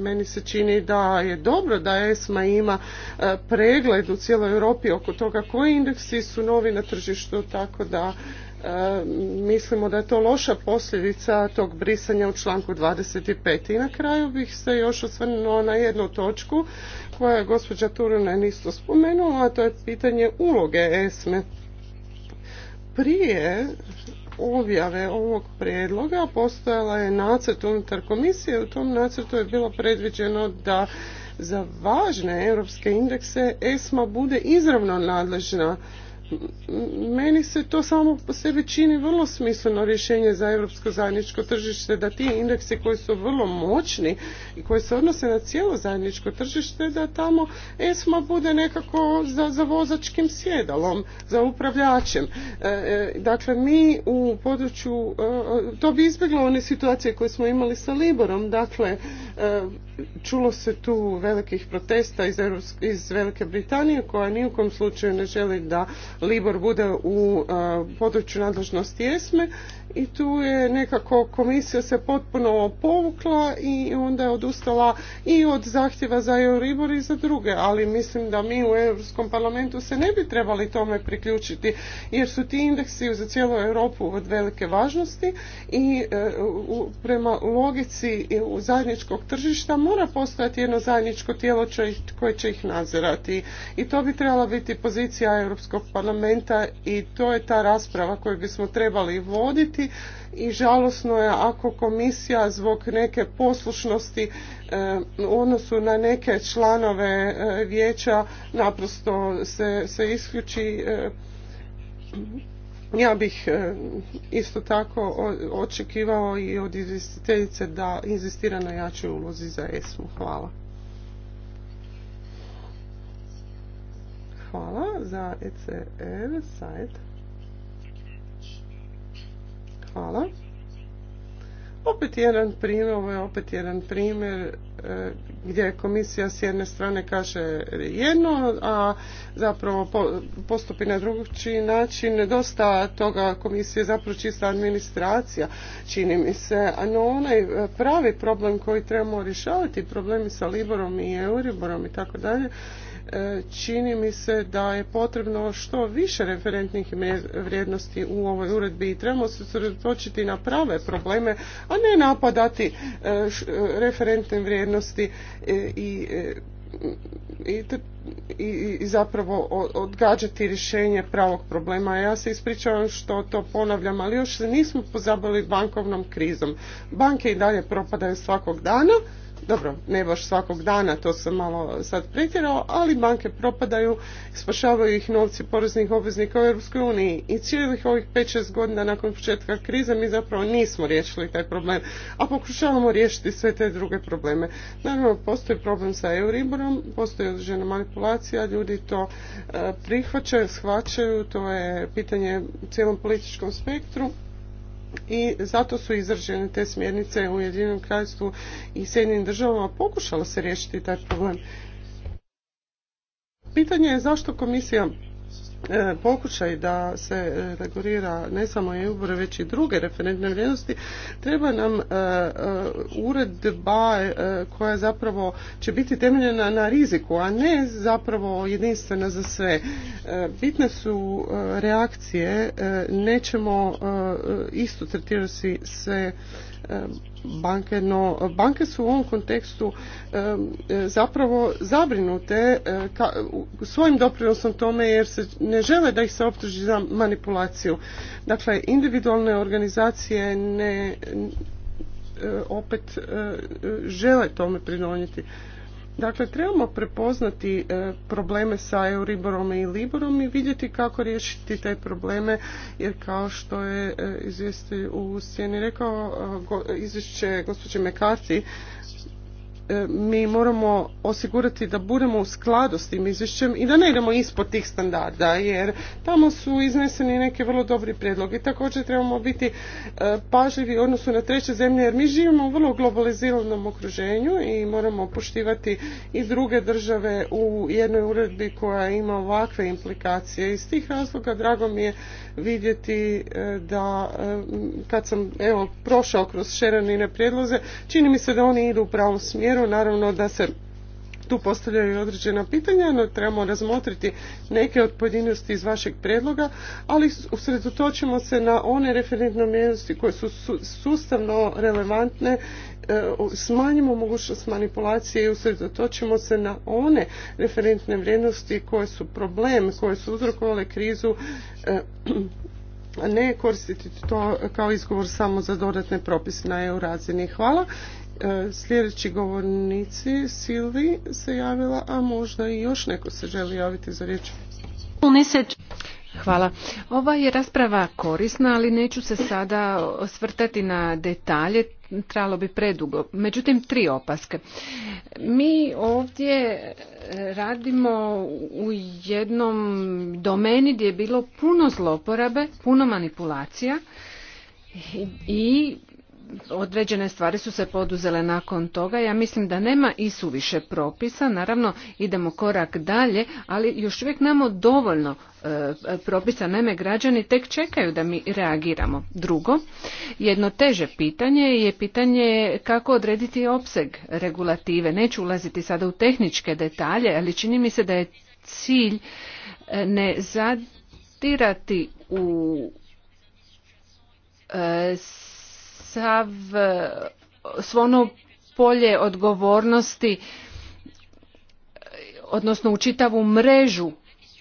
Meni se čini da je dobro da ESMA ima e, pregled u cijeloj Europi oko toga koji indeksi su novi na tržištu tako da E, mislimo da je to loša posljedica tog brisanja u članku 25. I na kraju bih se još osvrnuo na jednu točku koja je gospođa Turunen isto spomenula, a to je pitanje uloge ESME. Prije objave ovog prijedloga postojala je nacrt unutar komisije. U tom nacrtu je bilo predviđeno da za važne europske indekse ESMA bude izravno nadležna meni se to samo po sebi čini vrlo smisleno rješenje za europsko zajedničko tržište, da ti indeksi koji su vrlo moćni i koji se odnose na cijelo zajedničko tržište, da tamo ESMA bude nekako za, za vozačkim sjedalom, za upravljačem. E, e, dakle, mi u području, e, to bi izbjeglo one situacije koje smo imali sa Liborom, dakle, čulo se tu velikih protesta iz, Velike Britanije koja ni u kom slučaju ne želi da Libor bude u području nadležnosti ESME i tu je nekako komisija se potpuno povukla i onda je odustala i od zahtjeva za Euribor i za druge, ali mislim da mi u Europskom parlamentu se ne bi trebali tome priključiti jer su ti indeksi za cijelu Europu od velike važnosti i e, prema logici zajedničkog tržišta mora postojati jedno zajedničko tijelo koje će ih nadzirati i to bi trebala biti pozicija Europskog parlamenta i to je ta rasprava koju bismo trebali voditi i žalosno je ako komisija zbog neke poslušnosti eh, u odnosu na neke članove eh, vijeća naprosto se, isključi eh, ja bih isto tako očekivao i od izvjestiteljice da inzistira na jačoj ulozi za ESMU. Hvala. Hvala za ECR Hvala. Opet jedan primjer, ovo je opet jedan primjer e, gdje komisija s jedne strane kaže jedno, a zapravo postupi na drugi način. Dosta toga komisije zapravo čista administracija, čini mi se. No onaj pravi problem koji trebamo rješavati, problemi sa Liborom i Euriborom i tako dalje, E, čini mi se da je potrebno što više referentnih vrijednosti u ovoj uredbi i trebamo se sredotočiti na prave probleme, a ne napadati e, e, referentne vrijednosti i i, zapravo odgađati rješenje pravog problema. Ja se ispričavam što to ponavljam, ali još se nismo pozabili bankovnom krizom. Banke i dalje propadaju svakog dana dobro, ne baš svakog dana, to sam malo sad pretjerao, ali banke propadaju, spašavaju ih novci poreznih obveznika u EU uniji i cijelih ovih 5-6 godina nakon početka krize mi zapravo nismo riješili taj problem, a pokušavamo riješiti sve te druge probleme. Naravno, postoji problem sa Euriborom, postoji određena manipulacija, ljudi to e, prihvaćaju, shvaćaju, to je pitanje u cijelom političkom spektru, i zato su izražene te smjernice u Jedinom kraljstvu i Sjedinim državama pokušalo se riješiti taj problem. Pitanje je zašto komisija E, pokušaj da se e, regulira ne samo EUR već i druge referentne vrijednosti treba nam e, uredba koja zapravo će biti temeljena na riziku a ne zapravo jedinstvena za sve. Bitne su reakcije nećemo isto tretirati sve banke, no banke su u ovom kontekstu e, e, zapravo zabrinute e, svojim doprinosom tome jer se ne žele da ih se optuži za manipulaciju. Dakle, individualne organizacije ne opet žele tome pridonijeti. Dakle, trebamo prepoznati e, probleme sa Euriborom i Liborom i vidjeti kako riješiti te probleme, jer kao što je e, izvijesti u sjeni rekao, e, izvješće gospođe Mekarci, E, mi moramo osigurati da budemo u skladu s tim izvješćem i da ne idemo ispod tih standarda jer tamo su izneseni neke vrlo dobri prijedlogi. Također trebamo biti e, pažljivi u odnosu na treće zemlje jer mi živimo u vrlo globaliziranom okruženju i moramo poštivati i druge države u jednoj uredbi koja ima ovakve implikacije. Iz tih razloga drago mi je vidjeti e, da kad sam evo prošao kroz šerenine predloze čini mi se da oni idu u pravom smjeru smjeru. Naravno da se tu postavljaju određena pitanja, no trebamo razmotriti neke od pojedinosti iz vašeg predloga, ali usredotočimo se na one referentne vrijednosti koje su sustavno relevantne, e, smanjimo mogućnost manipulacije i usredotočimo se na one referentne vrijednosti koje su problem, koje su uzrokovale krizu e, ne koristiti to kao izgovor samo za dodatne propise na EU razini. Hvala E, sljedeći govornici Silvi se javila, a možda i još neko se želi javiti za riječ. Hvala. Ova je rasprava korisna, ali neću se sada osvrtati na detalje, Trebalo bi predugo. Međutim, tri opaske. Mi ovdje radimo u jednom domeni gdje je bilo puno zloporabe, puno manipulacija i određene stvari su se poduzele nakon toga. Ja mislim da nema i suviše propisa. Naravno, idemo korak dalje, ali još uvijek namo dovoljno e, propisa. Naime, građani tek čekaju da mi reagiramo. Drugo, jedno teže pitanje je pitanje kako odrediti opseg regulative. Neću ulaziti sada u tehničke detalje, ali čini mi se da je cilj e, ne zadirati u e, sav, svo ono polje odgovornosti, odnosno u čitavu mrežu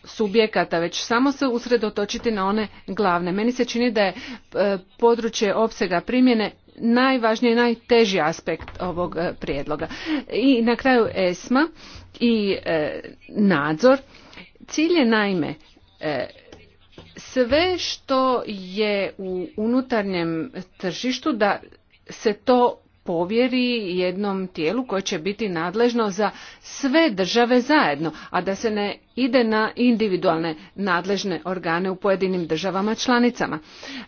subjekata, već samo se usredotočiti na one glavne. Meni se čini da je e, područje opsega primjene najvažniji i najteži aspekt ovog e, prijedloga. I na kraju ESMA i e, nadzor. Cilj je naime sve što je u unutarnjem tržištu da se to povjeri jednom tijelu koje će biti nadležno za sve države zajedno, a da se ne ide na individualne nadležne organe u pojedinim državama članicama.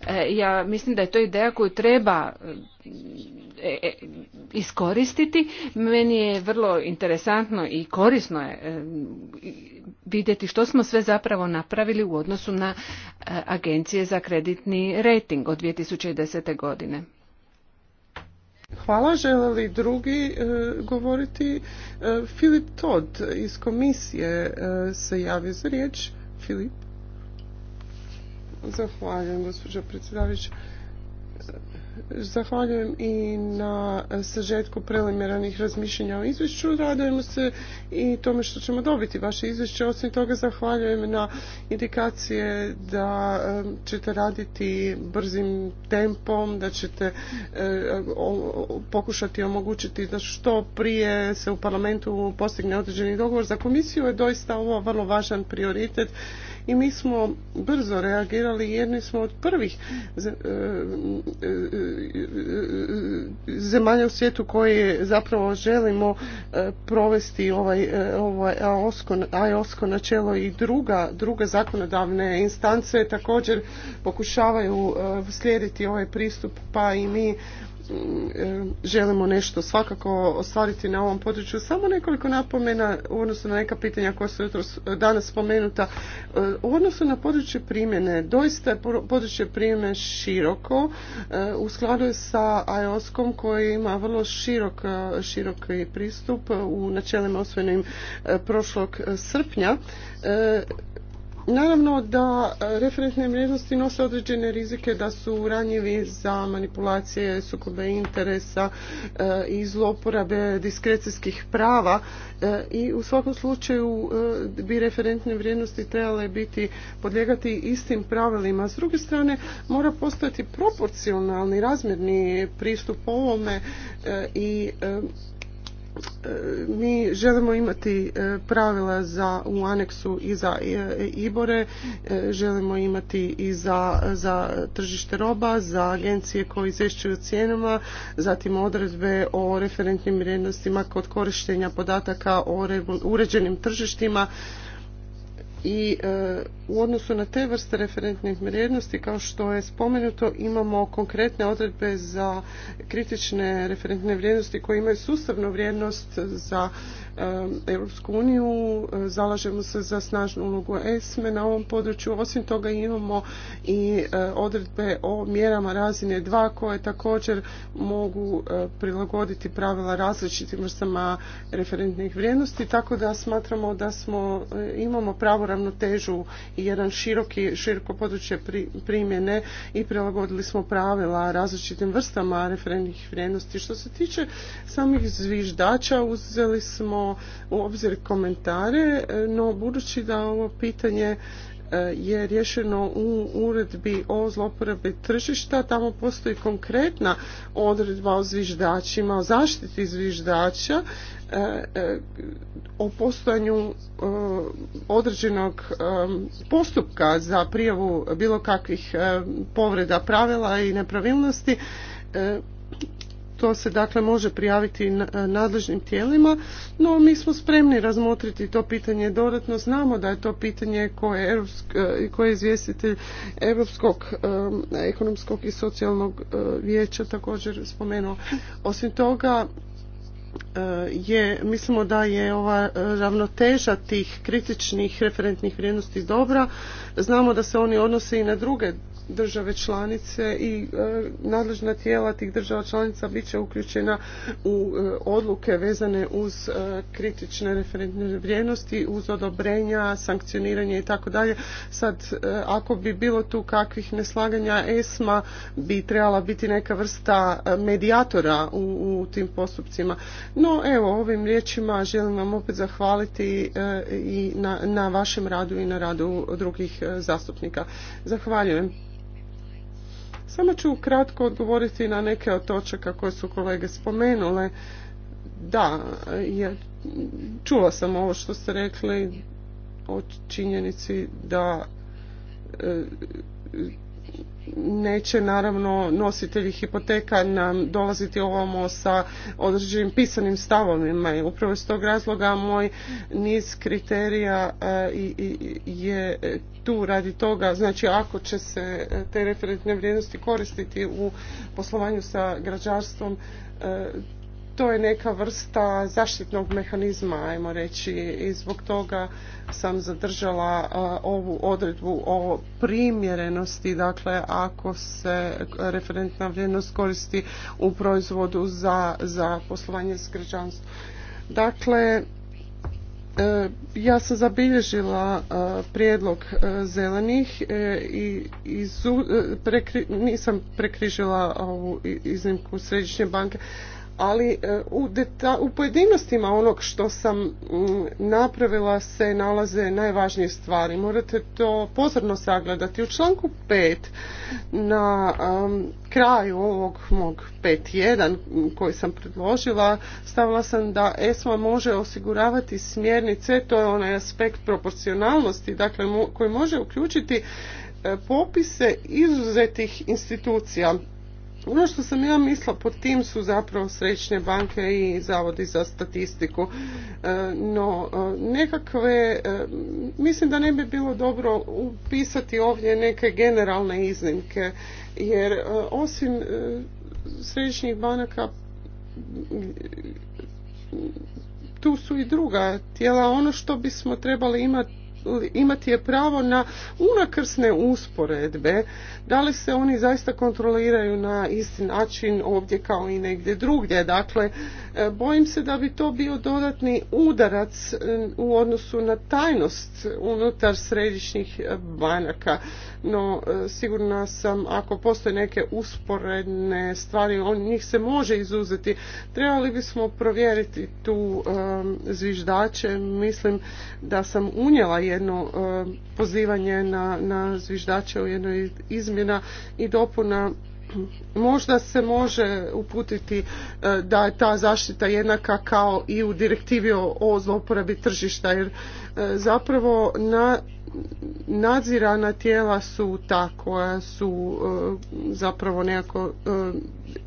E, ja mislim da je to ideja koju treba e, e, iskoristiti. Meni je vrlo interesantno i korisno je vidjeti što smo sve zapravo napravili u odnosu na agencije za kreditni rating od 2010. godine. Hvala. Žele li drugi e, govoriti? E, Filip Todd iz komisije e, se javi za riječ. Filip. Zahvaljujem, gospođo predsjedavajuća. Zahvaljujem i na sažetku preliminarnih razmišljenja o izvješću. Radujemo se i tome što ćemo dobiti vaše izvješće. Osim toga zahvaljujem na indikacije da um, ćete raditi brzim tempom, da ćete um, pokušati omogućiti da što prije se u parlamentu postigne određeni dogovor. Za komisiju je doista ovo vrlo važan prioritet i mi smo brzo reagirali jedni smo od prvih um, zemalja u svijetu koje zapravo želimo e, provesti ovaj, e, ovaj AOSKO načelo i druga, druge zakonodavne instance također pokušavaju e, slijediti ovaj pristup pa i mi E, želimo nešto svakako ostvariti na ovom području. Samo nekoliko napomena u odnosu na neka pitanja koja su jutros e, danas spomenuta. E, u odnosu na područje primjene, doista je područje primjene široko u skladu sa sa kom koji ima vrlo širok, široki pristup u načelima osvojenim prošlog srpnja Naravno da e, referentne vrijednosti nose određene rizike da su ranjivi za manipulacije sukobe interesa e, i zloporabe diskrecijskih prava e, i u svakom slučaju bi referentne vrijednosti trebale biti podlijegati istim pravilima. S druge strane mora postojati proporcionalni razmjerni pristup ovome i E, mi želimo imati e, pravila za u aneksu i za e, ibore, želimo imati i za, za tržište roba, za agencije koje izvješćuju cijenama, zatim odredbe o referentnim vrijednostima kod korištenja podataka o uređenim tržištima i e, u odnosu na te vrste referentnih vrijednosti kao što je spomenuto imamo konkretne odredbe za kritične referentne vrijednosti koje imaju sustavnu vrijednost za Um, Europsku uniju, e, zalažemo se za snažnu ulogu ESME na ovom području. Osim toga imamo i e, odredbe o mjerama razine 2 koje također mogu e, prilagoditi pravila različitim vrstama referentnih vrijednosti, tako da smatramo da smo, imamo pravu ravnotežu i jedan široki, široko područje primjene i prilagodili smo pravila različitim vrstama referentnih vrijednosti. Što se tiče samih zviždača, uzeli smo u obzir komentare, e, no budući da ovo pitanje e, je rješeno u uredbi o zloporabi tržišta. Tamo postoji konkretna odredba o zviždačima, o zaštiti zviždača, e, o postojanju određenog postupka za prijavu bilo kakvih povreda pravila i nepravilnosti to se dakle može prijaviti e, nadležnim tijelima, no mi smo spremni razmotriti to pitanje dodatno. Znamo da je to pitanje koje, e, koje je izvjestitelj Europskog e, ekonomskog i socijalnog vijeća također spomenuo. Osim toga, je, mislimo da je ova ravnoteža tih kritičnih referentnih vrijednosti dobra. Znamo da se oni odnose i na druge države članice i e, nadležna tijela tih država članica bit će uključena u e, odluke vezane uz e, kritične referentne vrijednosti, uz odobrenja, sankcioniranje i tako dalje. Sad, ako bi bilo tu kakvih neslaganja, ESMA bi trebala biti neka vrsta medijatora u, tim postupcima. No, evo, ovim riječima želim vam opet zahvaliti i na, na vašem radu i na radu drugih zastupnika. Zahvaljujem. Samo ću kratko odgovoriti na neke od točaka koje su kolege spomenule. Da, jer čula sam ovo što ste rekli o činjenici da e, neće naravno nositelji hipoteka nam dolaziti ovamo sa određenim pisanim stavovima i upravo iz tog razloga moj niz kriterija e, je tu radi toga, znači ako će se e, te referentne vrijednosti koristiti u poslovanju sa građarstvom, e, to je neka vrsta zaštitnog mehanizma, ajmo reći, i zbog toga sam zadržala e, ovu odredbu o primjerenosti, dakle ako se referentna vrijednost koristi u proizvodu za, poslovanje s građanstvom. Dakle, e, ja sam zabilježila e, prijedlog zelenih i nisam prekrižila ovu iznimku središnje banke ali e, u, u pojedinostima onog što sam mm, napravila se nalaze najvažnije stvari. Morate to pozorno sagledati. U članku 5 na kraju ovog mog 5.1 koji sam predložila stavila sam da ESMA može osiguravati smjernice, to je onaj aspekt proporcionalnosti dakle, koji može uključiti e, popise izuzetih institucija ono što sam ja mislila pod tim su zapravo srećne banke i zavodi za statistiku. E, no, e, nekakve, e, mislim da ne bi bilo dobro upisati ovdje neke generalne iznimke, jer osim središnjih banaka tu su i druga tijela. Ono što bismo trebali imati imati je pravo na unakrsne usporedbe, da li se oni zaista kontroliraju na isti način ovdje kao i negdje drugdje. Dakle, e, bojim se da bi to bio dodatni udarac e, u odnosu na tajnost unutar središnjih e, banaka. No, sigurna sam ako postoje neke usporedne stvari, on njih se može izuzeti. Trebali bismo provjeriti tu zviždače. Mislim da sam unijela je jedno e, pozivanje na, na zviždače u jednoj izmjena i dopuna možda se može uputiti e, da je ta zaštita jednaka kao i u direktivi o zlouporabi tržišta jer e, zapravo na nadzirana tijela su ta koja su zapravo nekako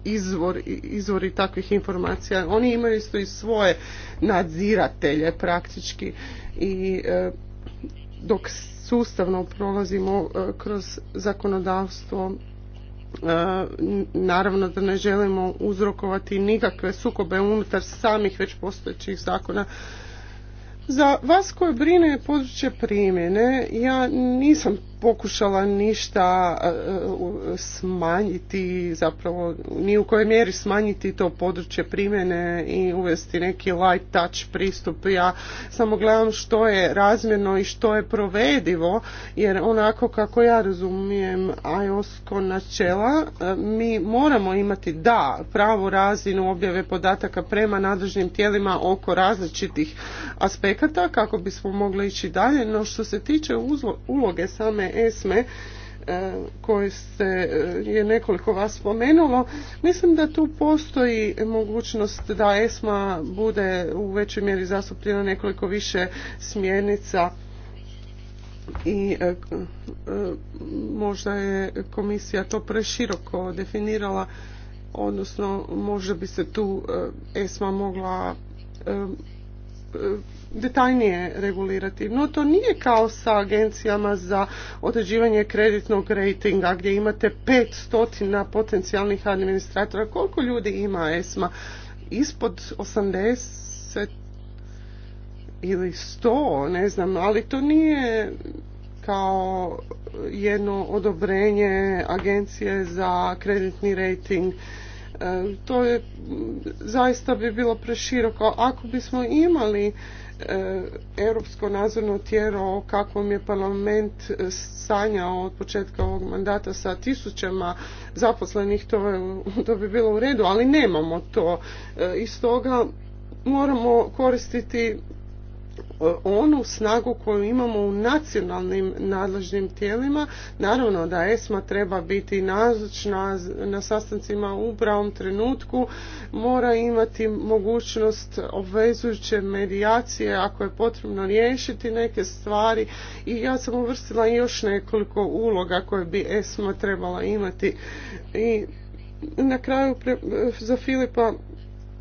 izvor, izvori takvih informacija. Oni imaju isto i svoje nadziratelje praktički i dok sustavno prolazimo e, kroz zakonodavstvo e, naravno da ne želimo uzrokovati nikakve sukobe unutar samih već postojećih zakona za vas koje brine područje primjene ja nisam pokušala ništa e, smanjiti, zapravo ni u kojoj mjeri smanjiti to područje primjene i uvesti neki light touch pristup. Ja samo gledam što je razmjerno i što je provedivo, jer onako kako ja razumijem IOSCO načela, e, mi moramo imati da pravu razinu objave podataka prema nadležnim tijelima oko različitih aspekata kako bismo mogli ići dalje, no što se tiče uloge same ESME e, koje se e, je nekoliko vas spomenulo. Mislim da tu postoji mogućnost da ESMA bude u većoj mjeri zastupljena nekoliko više smjernica i e, možda je komisija to preširoko definirala odnosno možda bi se tu ESMA mogla detaljnije regulirati. No to nije kao sa agencijama za određivanje kreditnog rejtinga gdje imate 500 potencijalnih administratora. Koliko ljudi ima ESMA? Ispod 80 ili sto, ne znam, ali to nije kao jedno odobrenje agencije za kreditni rejting e, to je zaista bi bilo preširoko ako bismo imali E, europsko nadzorno tijelo o kakvom je parlament e, sanjao od početka ovog mandata sa tisućama zaposlenih, to, to bi bilo u redu, ali nemamo to. E, I toga moramo koristiti E, onu snagu koju imamo u nacionalnim nadležnim tijelima. Naravno da ESMA treba biti nazočna na sastancima u pravom trenutku, mora imati mogućnost obvezujuće medijacije ako je potrebno riješiti neke stvari i ja sam uvrstila još nekoliko uloga koje bi ESMA trebala imati. I na kraju za Filipa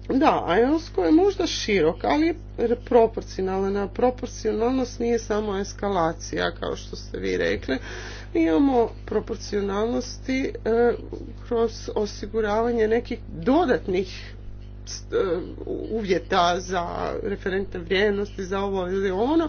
da, IOSCO je možda širok, ali je proporcionalna. Proporcionalnost nije samo eskalacija, kao što ste vi rekli. Mi imamo proporcionalnosti e, kroz osiguravanje nekih dodatnih e, uvjeta za referentne vrijednosti, za ovo ili ono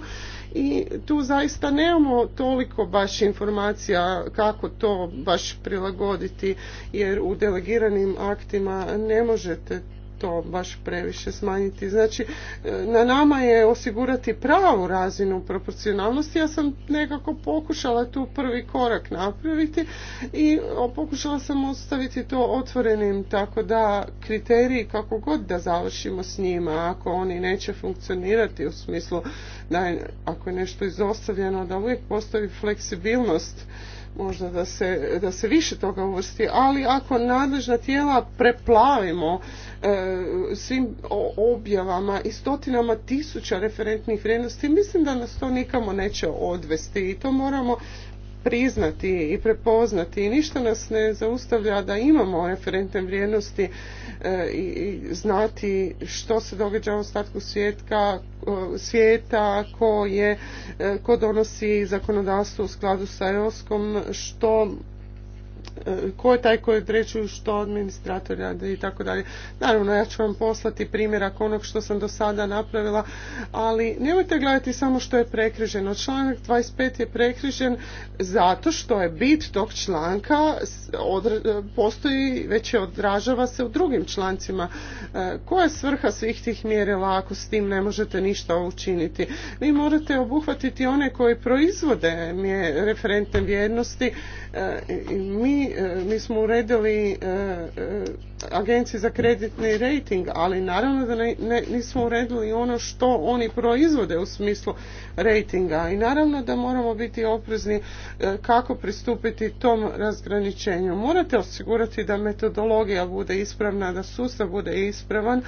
i tu zaista nemamo toliko baš informacija kako to baš prilagoditi jer u delegiranim aktima ne možete to baš previše smanjiti. Znači, e, na nama je osigurati pravu razinu proporcionalnosti. Ja sam nekako pokušala tu prvi korak napraviti i pokušala sam ostaviti to otvorenim, tako da kriteriji kako god da završimo s njima, ako oni neće funkcionirati u smislu da je, ako je nešto izostavljeno, da uvijek postavi fleksibilnost možda da se, da se više toga uvrsti, ali ako nadležna tijela preplavimo e, svim objavama i stotinama tisuća referentnih vrijednosti, mislim da nas to nikamo neće odvesti i to moramo priznati i prepoznati i ništa nas ne zaustavlja da imamo referentne vrijednosti e, i znati što se događa u ostatku svijetka, e, svijeta, ko, je, e, ko donosi zakonodavstvo u skladu sa EOS-kom, što ko je taj koji određuju što administrator radi i tako dalje. Naravno, ja ću vam poslati primjerak onog što sam do sada napravila, ali nemojte gledati samo što je prekriženo. Članak 25 je prekrižen zato što je bit tog članka postoji, već je odražava se u drugim člancima. E, koja je svrha svih tih mjerila ako s tim ne možete ništa učiniti? Vi morate obuhvatiti one koji proizvode referentne vrijednosti. E, mi E, mi smo uredili e, e, agenciji za kreditni rating, ali naravno da nismo uredili ono što oni proizvode u smislu ratinga i naravno da moramo biti oprezni e, kako pristupiti tom razgraničenju. Morate osigurati da metodologija bude ispravna, da sustav bude ispravan,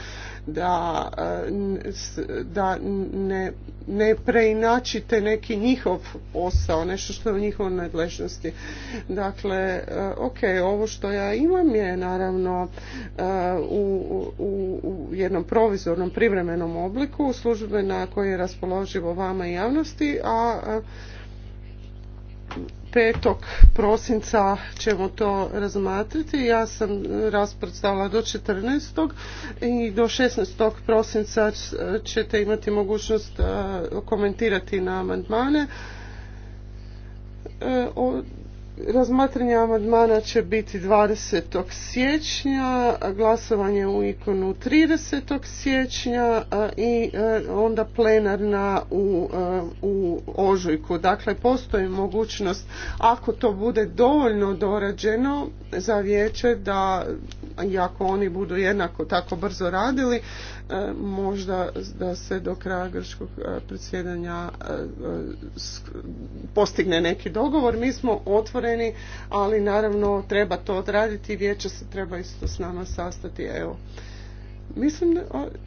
da, e, da ne, ne preinačite neki njihov posao, nešto što je u njihovoj nadležnosti. Dakle, e, ok, ovo što ja imam je naravno E, u, u, u jednom provizornom privremenom obliku, službe na koje je raspoloživo vama i javnosti, a e, petog prosinca ćemo to razmatriti. Ja sam rasprostala do 14. i do 16. prosinca ćete imati mogućnost e, komentirati na amandmane Razmatranje amandmana će biti 20. siječnja, glasovanje u ikonu 30. siječnja i e, onda plenarna u, e, u ožujku. Dakle, postoji mogućnost, ako to bude dovoljno dorađeno za vijeće, da i ako oni budu jednako tako brzo radili, E, možda da se do kraja grčkog e, predsjedanja e, postigne neki dogovor. Mi smo otvoreni, ali naravno treba to odraditi i vijeće se treba isto s nama sastati. Evo, Mislim, da,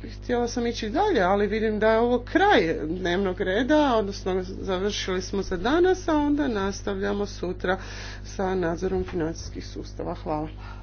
htjela sam ići dalje, ali vidim da je ovo kraj dnevnog reda, odnosno završili smo za danas, a onda nastavljamo sutra sa nadzorom financijskih sustava. Hvala.